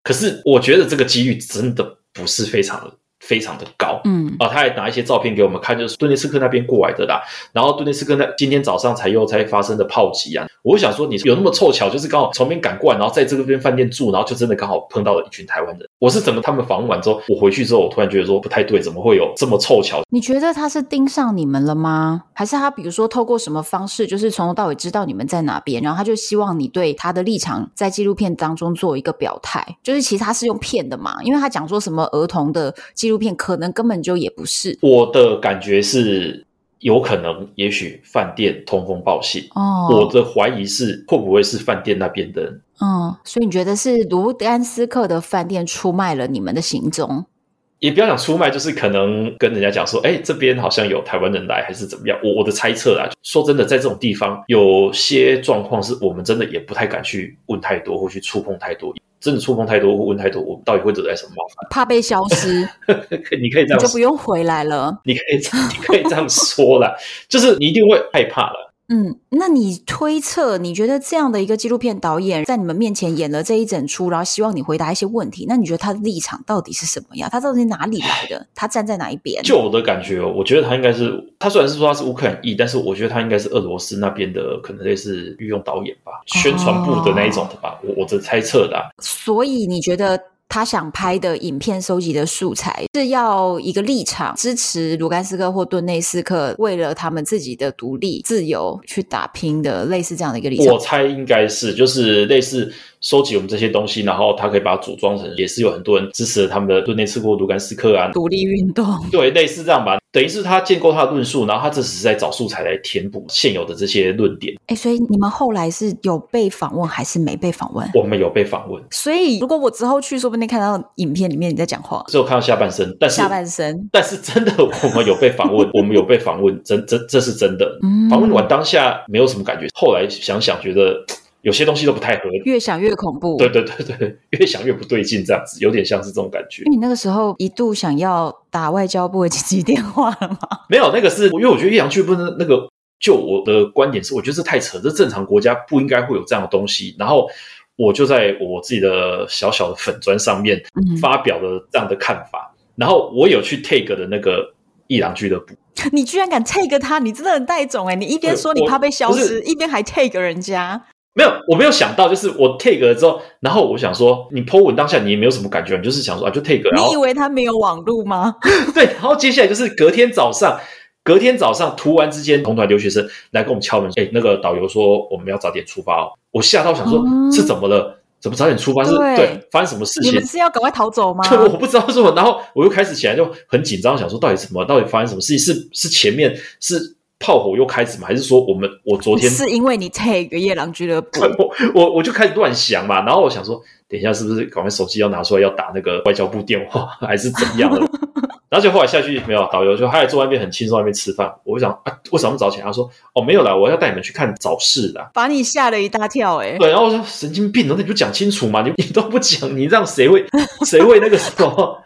可是我覺得這個機遇真的不是非常的。非常的高，嗯啊，他還拿一些照片給我們看，就是頓內次克那邊過來的啦。然後頓內次克那今天早上才又才發生的炮擊啊。我想說，你有那麼湊巧，就是剛好從那邊趕過來，然後在這邊飯店住，然後就真的剛好碰到了一群台灣人。我是怎麼他們訪問完之後，我回去之後，我突然覺得說不太對，怎麼會有這麼湊巧？你覺得他是盯上你們了嗎？還是他比如說透過什麼方式，就是從頭到尾知道你們在哪邊，然後他就希望你對他的立場在紀錄片當中做一個表態，就是其實他是用騙的嘛？因為他講說什麼兒童的紀錄。片可能根本就也不是，我的感覺是有可能，也許飯店通風報信哦。我的懷疑是會不會是飯店那邊的。嗯，所以你覺得是盧甘斯克的飯店出賣了你們的行蹤？也不要想出賣，就是可能跟人家講說，哎、欸，這邊好像有台灣人來，還是怎麼樣？我我的猜測啦，說真的，在這種地方，有些狀況是我們真的也不太敢去問太多，或去觸碰太多。真的觸碰太多或問太多，我們到底會惹來什麼麻煩？怕被消失， 你可以這樣說，你就不用回來了。你可以，你可以這樣說啦， 就是你一定會害怕了。嗯，那你推測，你覺得這樣的一個紀錄片導演在你們面前演了這一整出，然後希望你回答一些問題，那你覺得他的立場到底是什麼樣？他到底哪裡來的？他站在哪一邊？就我的感覺哦，我覺得他應該是，他雖然是說他是烏克蘭裔，但是我覺得他應該是俄羅斯那邊的，可能類似御用導演吧、哦，宣傳部的那一種的吧，我我的猜測的、啊。所以你覺得？他想拍的影片，收集的素材是要一個立場支持盧甘斯克或頓內斯克，為了他們自己的獨立自由去打拼的，類似這樣的一個理想。我猜應該是就是類似收集我們這些東西，然後他可以把它組裝成，也是有很多人支持他們的頓內次克或盧甘斯克啊，獨立運動。對，類似這樣吧。等於是他建構他的論述，然後他這只是在找素材來填補現有的這些論點。哎，所以你們後來是有被訪問還是沒被訪問？我們有被訪問。所以如果我之後去說。沒看到影片裡面你在講話，只有看到下半身，但是下半身，但是真的，我們有被訪問， 我們有被訪問，真真這是真的、嗯。訪問完當下沒有什麼感覺，後來想想覺得有些東西都不太合理，越想越恐怖，對對對對，越想越不對勁，這樣子有點像是這種感覺。你那個時候一度想要打外交部的緊急電話了嗎？沒有，那個是，因為我覺得夜狼俱樂部那個，就我的觀點是，我覺得這太扯，這正常國家不應該會有這樣的東西，然後。我就在我自己的小小的粉專上面發表了這樣的看法，嗯、然後我有去 tag 的那個夜狼俱樂部，你居然敢 tag 他，你真的很帶種誒、欸、你一邊說你怕被消失、就是，一邊還 tag 人家。沒有，我沒有想到，就是我 tag 了之後，然後我想說，你 po 文當下，你也沒有什麼感覺，你就是想說啊，就 tag。你以為他沒有網路嗎？ 對，然後接下來就是隔天早上。隔天早上突然之間，同團留學生來跟我們敲門。哎、欸，那個導遊說我們要早點出發、哦，我嚇到想說、嗯、是怎麼了？怎麼早點出發？是對，對，發生什麼事情？你們是要趕快逃走嗎？我不知道是什麼。然後我又開始起來就很緊張，想說到底什麼？到底發生什麼事情？是是前面是炮火又開始嗎？還是說我們我昨天是因為你 take 夜狼俱樂部？我我，我就開始亂想嘛。然後我想說，等一下是不是趕快手機要拿出來要打那個外交部電話，還是怎麼樣？ 而且後，後來下去沒有導遊，就他在坐外面很輕鬆，外面吃飯。我想啊，為什麼不早起來？他說，哦，沒有啦，我要帶你們去看早市啦，把你嚇了一大跳誒、欸。對，然後我說神經病，那你就講清楚嘛，你你都不講，你讓誰會 誰會那個什麼？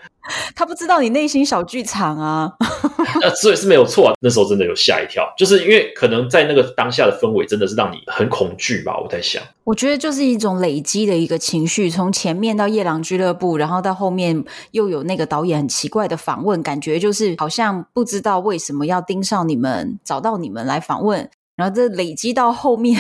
他不知道你內心小劇場啊，啊，所以是沒有錯、啊。那時候真的有嚇一跳，就是因為可能在那個當下的氛圍，真的是讓你很恐懼吧。我在想，我覺得就是一種累積的一個情緒，從前面到夜狼俱樂部，然後到後面又有那個導演很奇怪的訪問，感覺就是好像不知道為什麼要盯上你們，找到你們來訪問，然後這累積到後面，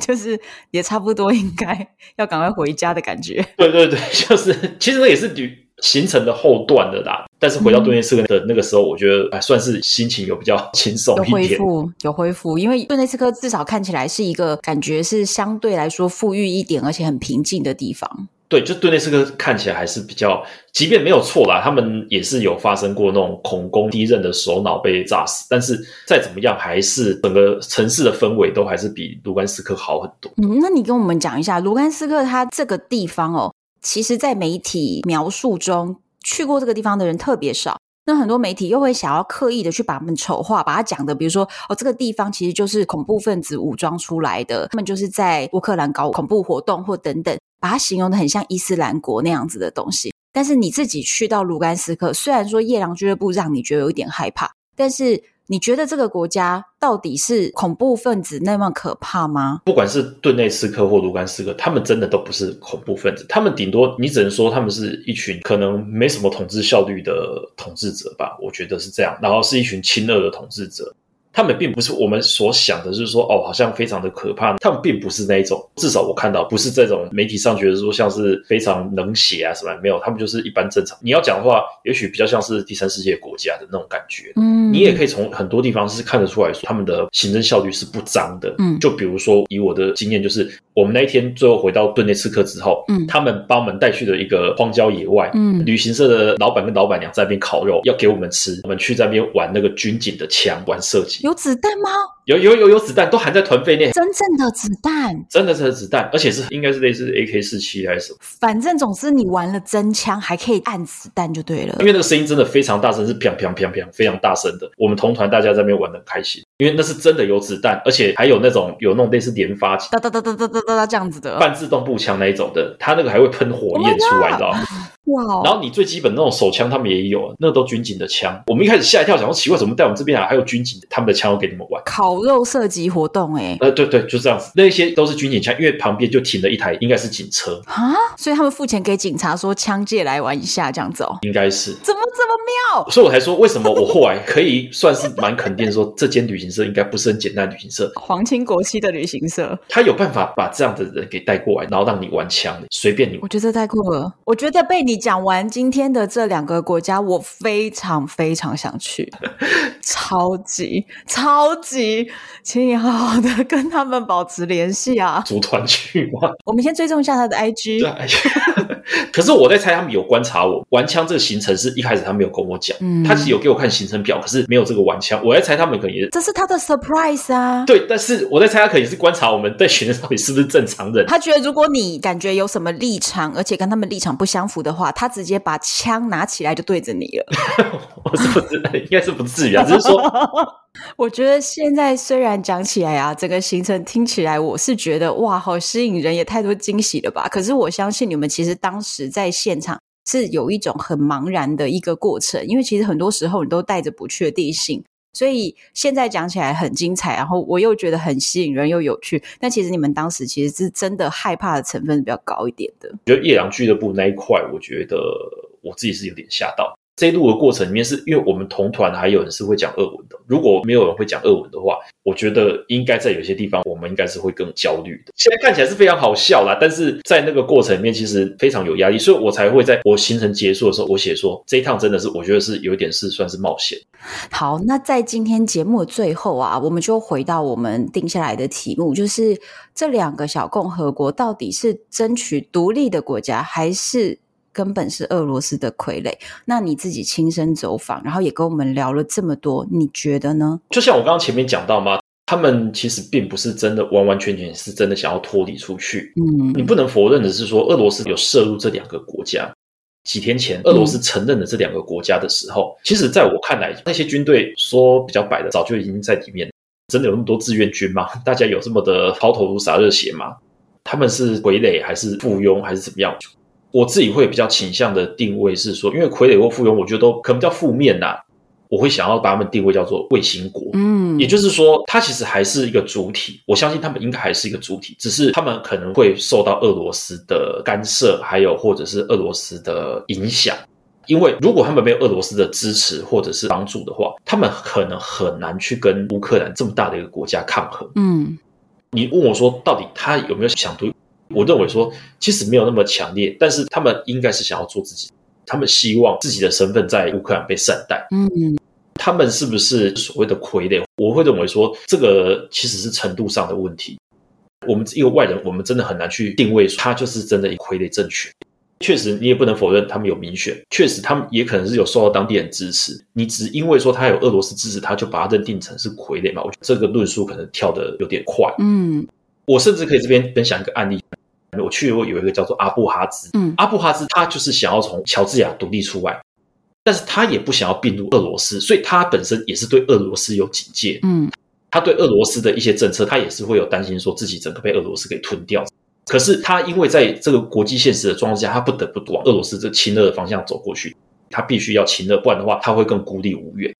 就是也差不多應該要趕快回家的感覺。對對對，就是其實那也是女。行程的後段的啦，但是回到頓內次克的那個時候，嗯、我覺得哎，算是心情有比較輕鬆一點，有恢復，有恢復。因為頓內次克至少看起來是一個感覺是相對來說富裕一點，而且很平靜的地方。對，就頓內次克看起來還是比較，即便沒有錯啦，他們也是有發生過那種恐攻，第一任的首腦被炸死，但是再怎麼樣，還是整個城市的氛圍都還是比盧甘斯克好很多。嗯，那你跟我們講一下盧甘斯克它這個地方哦。其實，在媒體描述中，去過這個地方的人特別少。那很多媒體又會想要刻意的去把他們醜化，把他講的，比如說哦，這個地方其實就是恐怖分子武裝出來的，他們就是在烏克蘭搞恐怖活動或等等，把它形容的很像伊斯蘭國那樣子的東西。但是你自己去到盧甘斯克，雖然說夜狼俱樂部讓你覺得有一點害怕，但是。你覺得這個國家到底是恐怖分子那麼可怕嗎？不管是頓內斯克或盧甘斯克，他們真的都不是恐怖分子，他們頂多你只能說他們是一群可能沒什麼統治效率的統治者吧，我覺得是這樣。然後是一群親俄的統治者。他們並不是我們所想的，就是說哦，好像非常的可怕。他們並不是那一種，至少我看到不是這種媒體上覺得說像是非常冷血啊什麼啊，沒有，他們就是一般正常。你要講的話，也許比較像是第三世界國家的那種感覺。嗯，你也可以從很多地方是看得出來說，說他們的行政效率是不彰的。嗯，就比如說以我的經驗，就是我們那一天最後回到頓內次克之後，嗯，他們把我們帶去的一個荒郊野外，嗯，旅行社的老板跟老板娘在那邊烤肉要給我們吃，我們去在那邊玩那個軍警的槍玩射擊。有子彈嗎？有有有有子彈，都含在團費內。真正的子彈，真的是子彈，而且是應該是類似 AK 四七還是什麼。反正總之你玩了真槍，還可以按子彈就對了。因為那個聲音真的非常大聲，是砰砰砰砰，非常大聲的。我們同團大家在那邊玩得很開心，因為那是真的有子彈，而且還有那種有那種類似連發噠噠噠噠噠噠噠這樣子的半自動步槍那一種的，它那個還會噴火焰出來的、啊。哇！然後你最基本那種手槍他們也有，那個、都軍警的槍。我們一開始嚇一跳，想說奇怪，怎麼在我們這邊啊還有軍警他們的槍要給你們玩？靠！狗肉射擊活動、欸，哎，呃，對,對對，就這樣子，那些都是軍警槍，因為旁邊就停了一台，應該是警車啊，所以他們付錢給警察說槍借來玩一下，這樣子哦，應該是。怎麼這麼妙？所以我才說，為什麼我後來可以算是蠻肯定，說這間旅行社應該不是很簡單旅行社，皇親國戚的旅行社，他有辦法把這樣的人給帶過來，然後讓你玩槍，隨便你玩。我覺得太酷了，我覺得被你講完今天的這兩個國家，我非常非常想去，超 級超級。超級請你好好的跟他們保持聯繫啊！組團去嗎？ 我們先追蹤一下他的 IG。對， 可是我在猜，他們有觀察我玩槍這個行程，是一開始他們沒有跟我講，嗯、他其實有給我看行程表，可是沒有這個玩槍。我在猜，他們可能也是這是他的 surprise 啊。對，但是我在猜，他可能是觀察我們在選擇上是不是正常人。他覺得，如果你感覺有什麼立場，而且跟他們立場不相符的話，他直接把槍拿起來就對着你了。 我是不是、哎、應該是不是自然、啊， 只是說。 我覺得現在雖然講起來啊，整個行程聽起來，我是覺得哇，好吸引人，也太多驚喜了吧。可是我相信你們其實當時在現場是有一種很茫然的一個過程，因為其實很多時候你都帶着不確定性，所以現在講起來很精彩，然後我又覺得很吸引人又有趣。但其實你們當時其實是真的害怕的成分比較高一點的。就覺得夜狼俱樂部那一塊，我覺得我自己是有點嚇到。這路的過程裡面，是因為我們同團還有人是會講俄文的。如果沒有人會講俄文的話，我覺得應該在有些地方，我們應該是會更焦慮的。現在看起來是非常好笑啦，但是在那個過程裡面，其實非常有壓力，所以我才會在我行程結束的時候，我寫說，這一趟真的是，我覺得是有一點是算是冒險。好，那在今天節目的最後啊，我們就回到我們定下來的題目，就是這兩個小共和國到底是爭取獨立的國家，還是？根本是俄羅斯的傀儡。那你自己親身走訪，然後也跟我們聊了這麼多，你覺得呢？就像我剛剛前面講到嘛，他們其實並不是真的完完全全是真的想要脫離出去。嗯，你不能否認的是，說俄羅斯有涉入這兩個國家。幾天前，俄羅斯承認了這兩個國家的時候，嗯，其實在我看來，那些軍隊說比較白的，早就已經在裡面。真的有那麼多志願軍嗎？大家有這麼的拋頭顱灑熱血嗎？他們是傀儡，還是附庸，還是怎麼樣？我自己會比較傾向的定位是說，因為傀儡或附庸，我覺得都可能比較負面吶、啊。我會想要把他們定位叫做衛星國，嗯，也就是說，它其實還是一個主體。我相信他們應該還是一個主體，只是他們可能會受到俄羅斯的干涉，還有或者是俄羅斯的影響。因為如果他們沒有俄羅斯的支持或者是幫助的話，他們可能很難去跟烏克蘭這麼大的一個國家抗衡。嗯，你問我說，到底他有沒有想獨我認為說，其實沒有那麼強烈，但是他們應該是想要做自己，他們希望自己的身份在烏克蘭被善待。嗯，他們是不是所謂的傀儡？我會認為說，這個其實是程度上的問題。我們一個外人，我們真的很難去定位說他就是真的傀儡政權。確實，你也不能否認他們有民選，確實他們也可能是有受到當地人支持。你只因為說他有俄羅斯支持，他就把它認定成是傀儡嘛？我覺得這個論述可能跳得有點快。嗯，我甚至可以這邊分享一個案例。我去過有一個叫做阿布哈茲，嗯，阿布哈茲他就是想要從喬治亞獨立出來，但是他也不想要併入俄羅斯，所以他本身也是對俄羅斯有警戒。嗯，他對俄羅斯的一些政策，他也是會有擔心，說自己整個被俄羅斯給吞掉。可是他因為在這個國際現實的狀況之下，他不得不往俄羅斯這親熱的方向走過去，他必須要親熱，不然的話他會更孤立無援。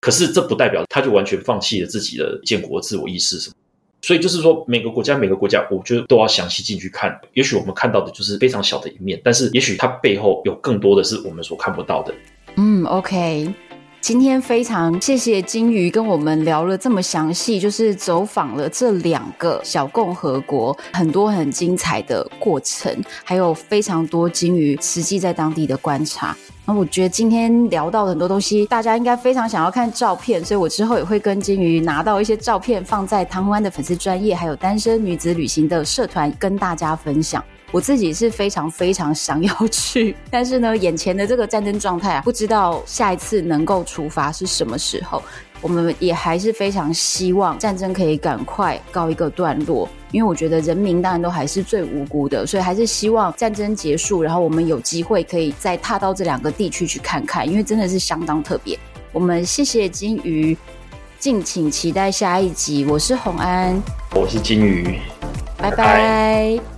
可是這不代表他就完全放棄了自己的建國的自我意識什麼。所以就是說，每個國家，每個國家，我覺得都要詳細進去看。也許我們看到的就是非常小的一面，但是也許它背後有更多的是我們所看不到的。嗯，OK。今天非常謝謝鯨魚跟我們聊了這麼詳細，就是走訪了這兩個小共和國，很多很精彩的過程，還有非常多鯨魚實際在當地的觀察。那我覺得今天聊到很多東西，大家應該非常想要看照片，所以我之後也會跟鯨魚拿到一些照片，放在唐宏安的粉絲專頁，還有單身女子旅行的社團跟大家分享。我自己是非常非常想要去，但是呢，眼前的這個戰爭狀態啊，不知道下一次能夠出發是什麼時候。我們也還是非常希望戰爭可以趕快告一個段落，因為我覺得人民當然都還是最無辜的，所以還是希望戰爭結束，然後我們有機會可以再踏到這兩個地區去看看，因為真的是相當特別。我們謝謝鯨魚，敬請期待下一集。我是宏安，我是鯨魚，拜拜。拜拜。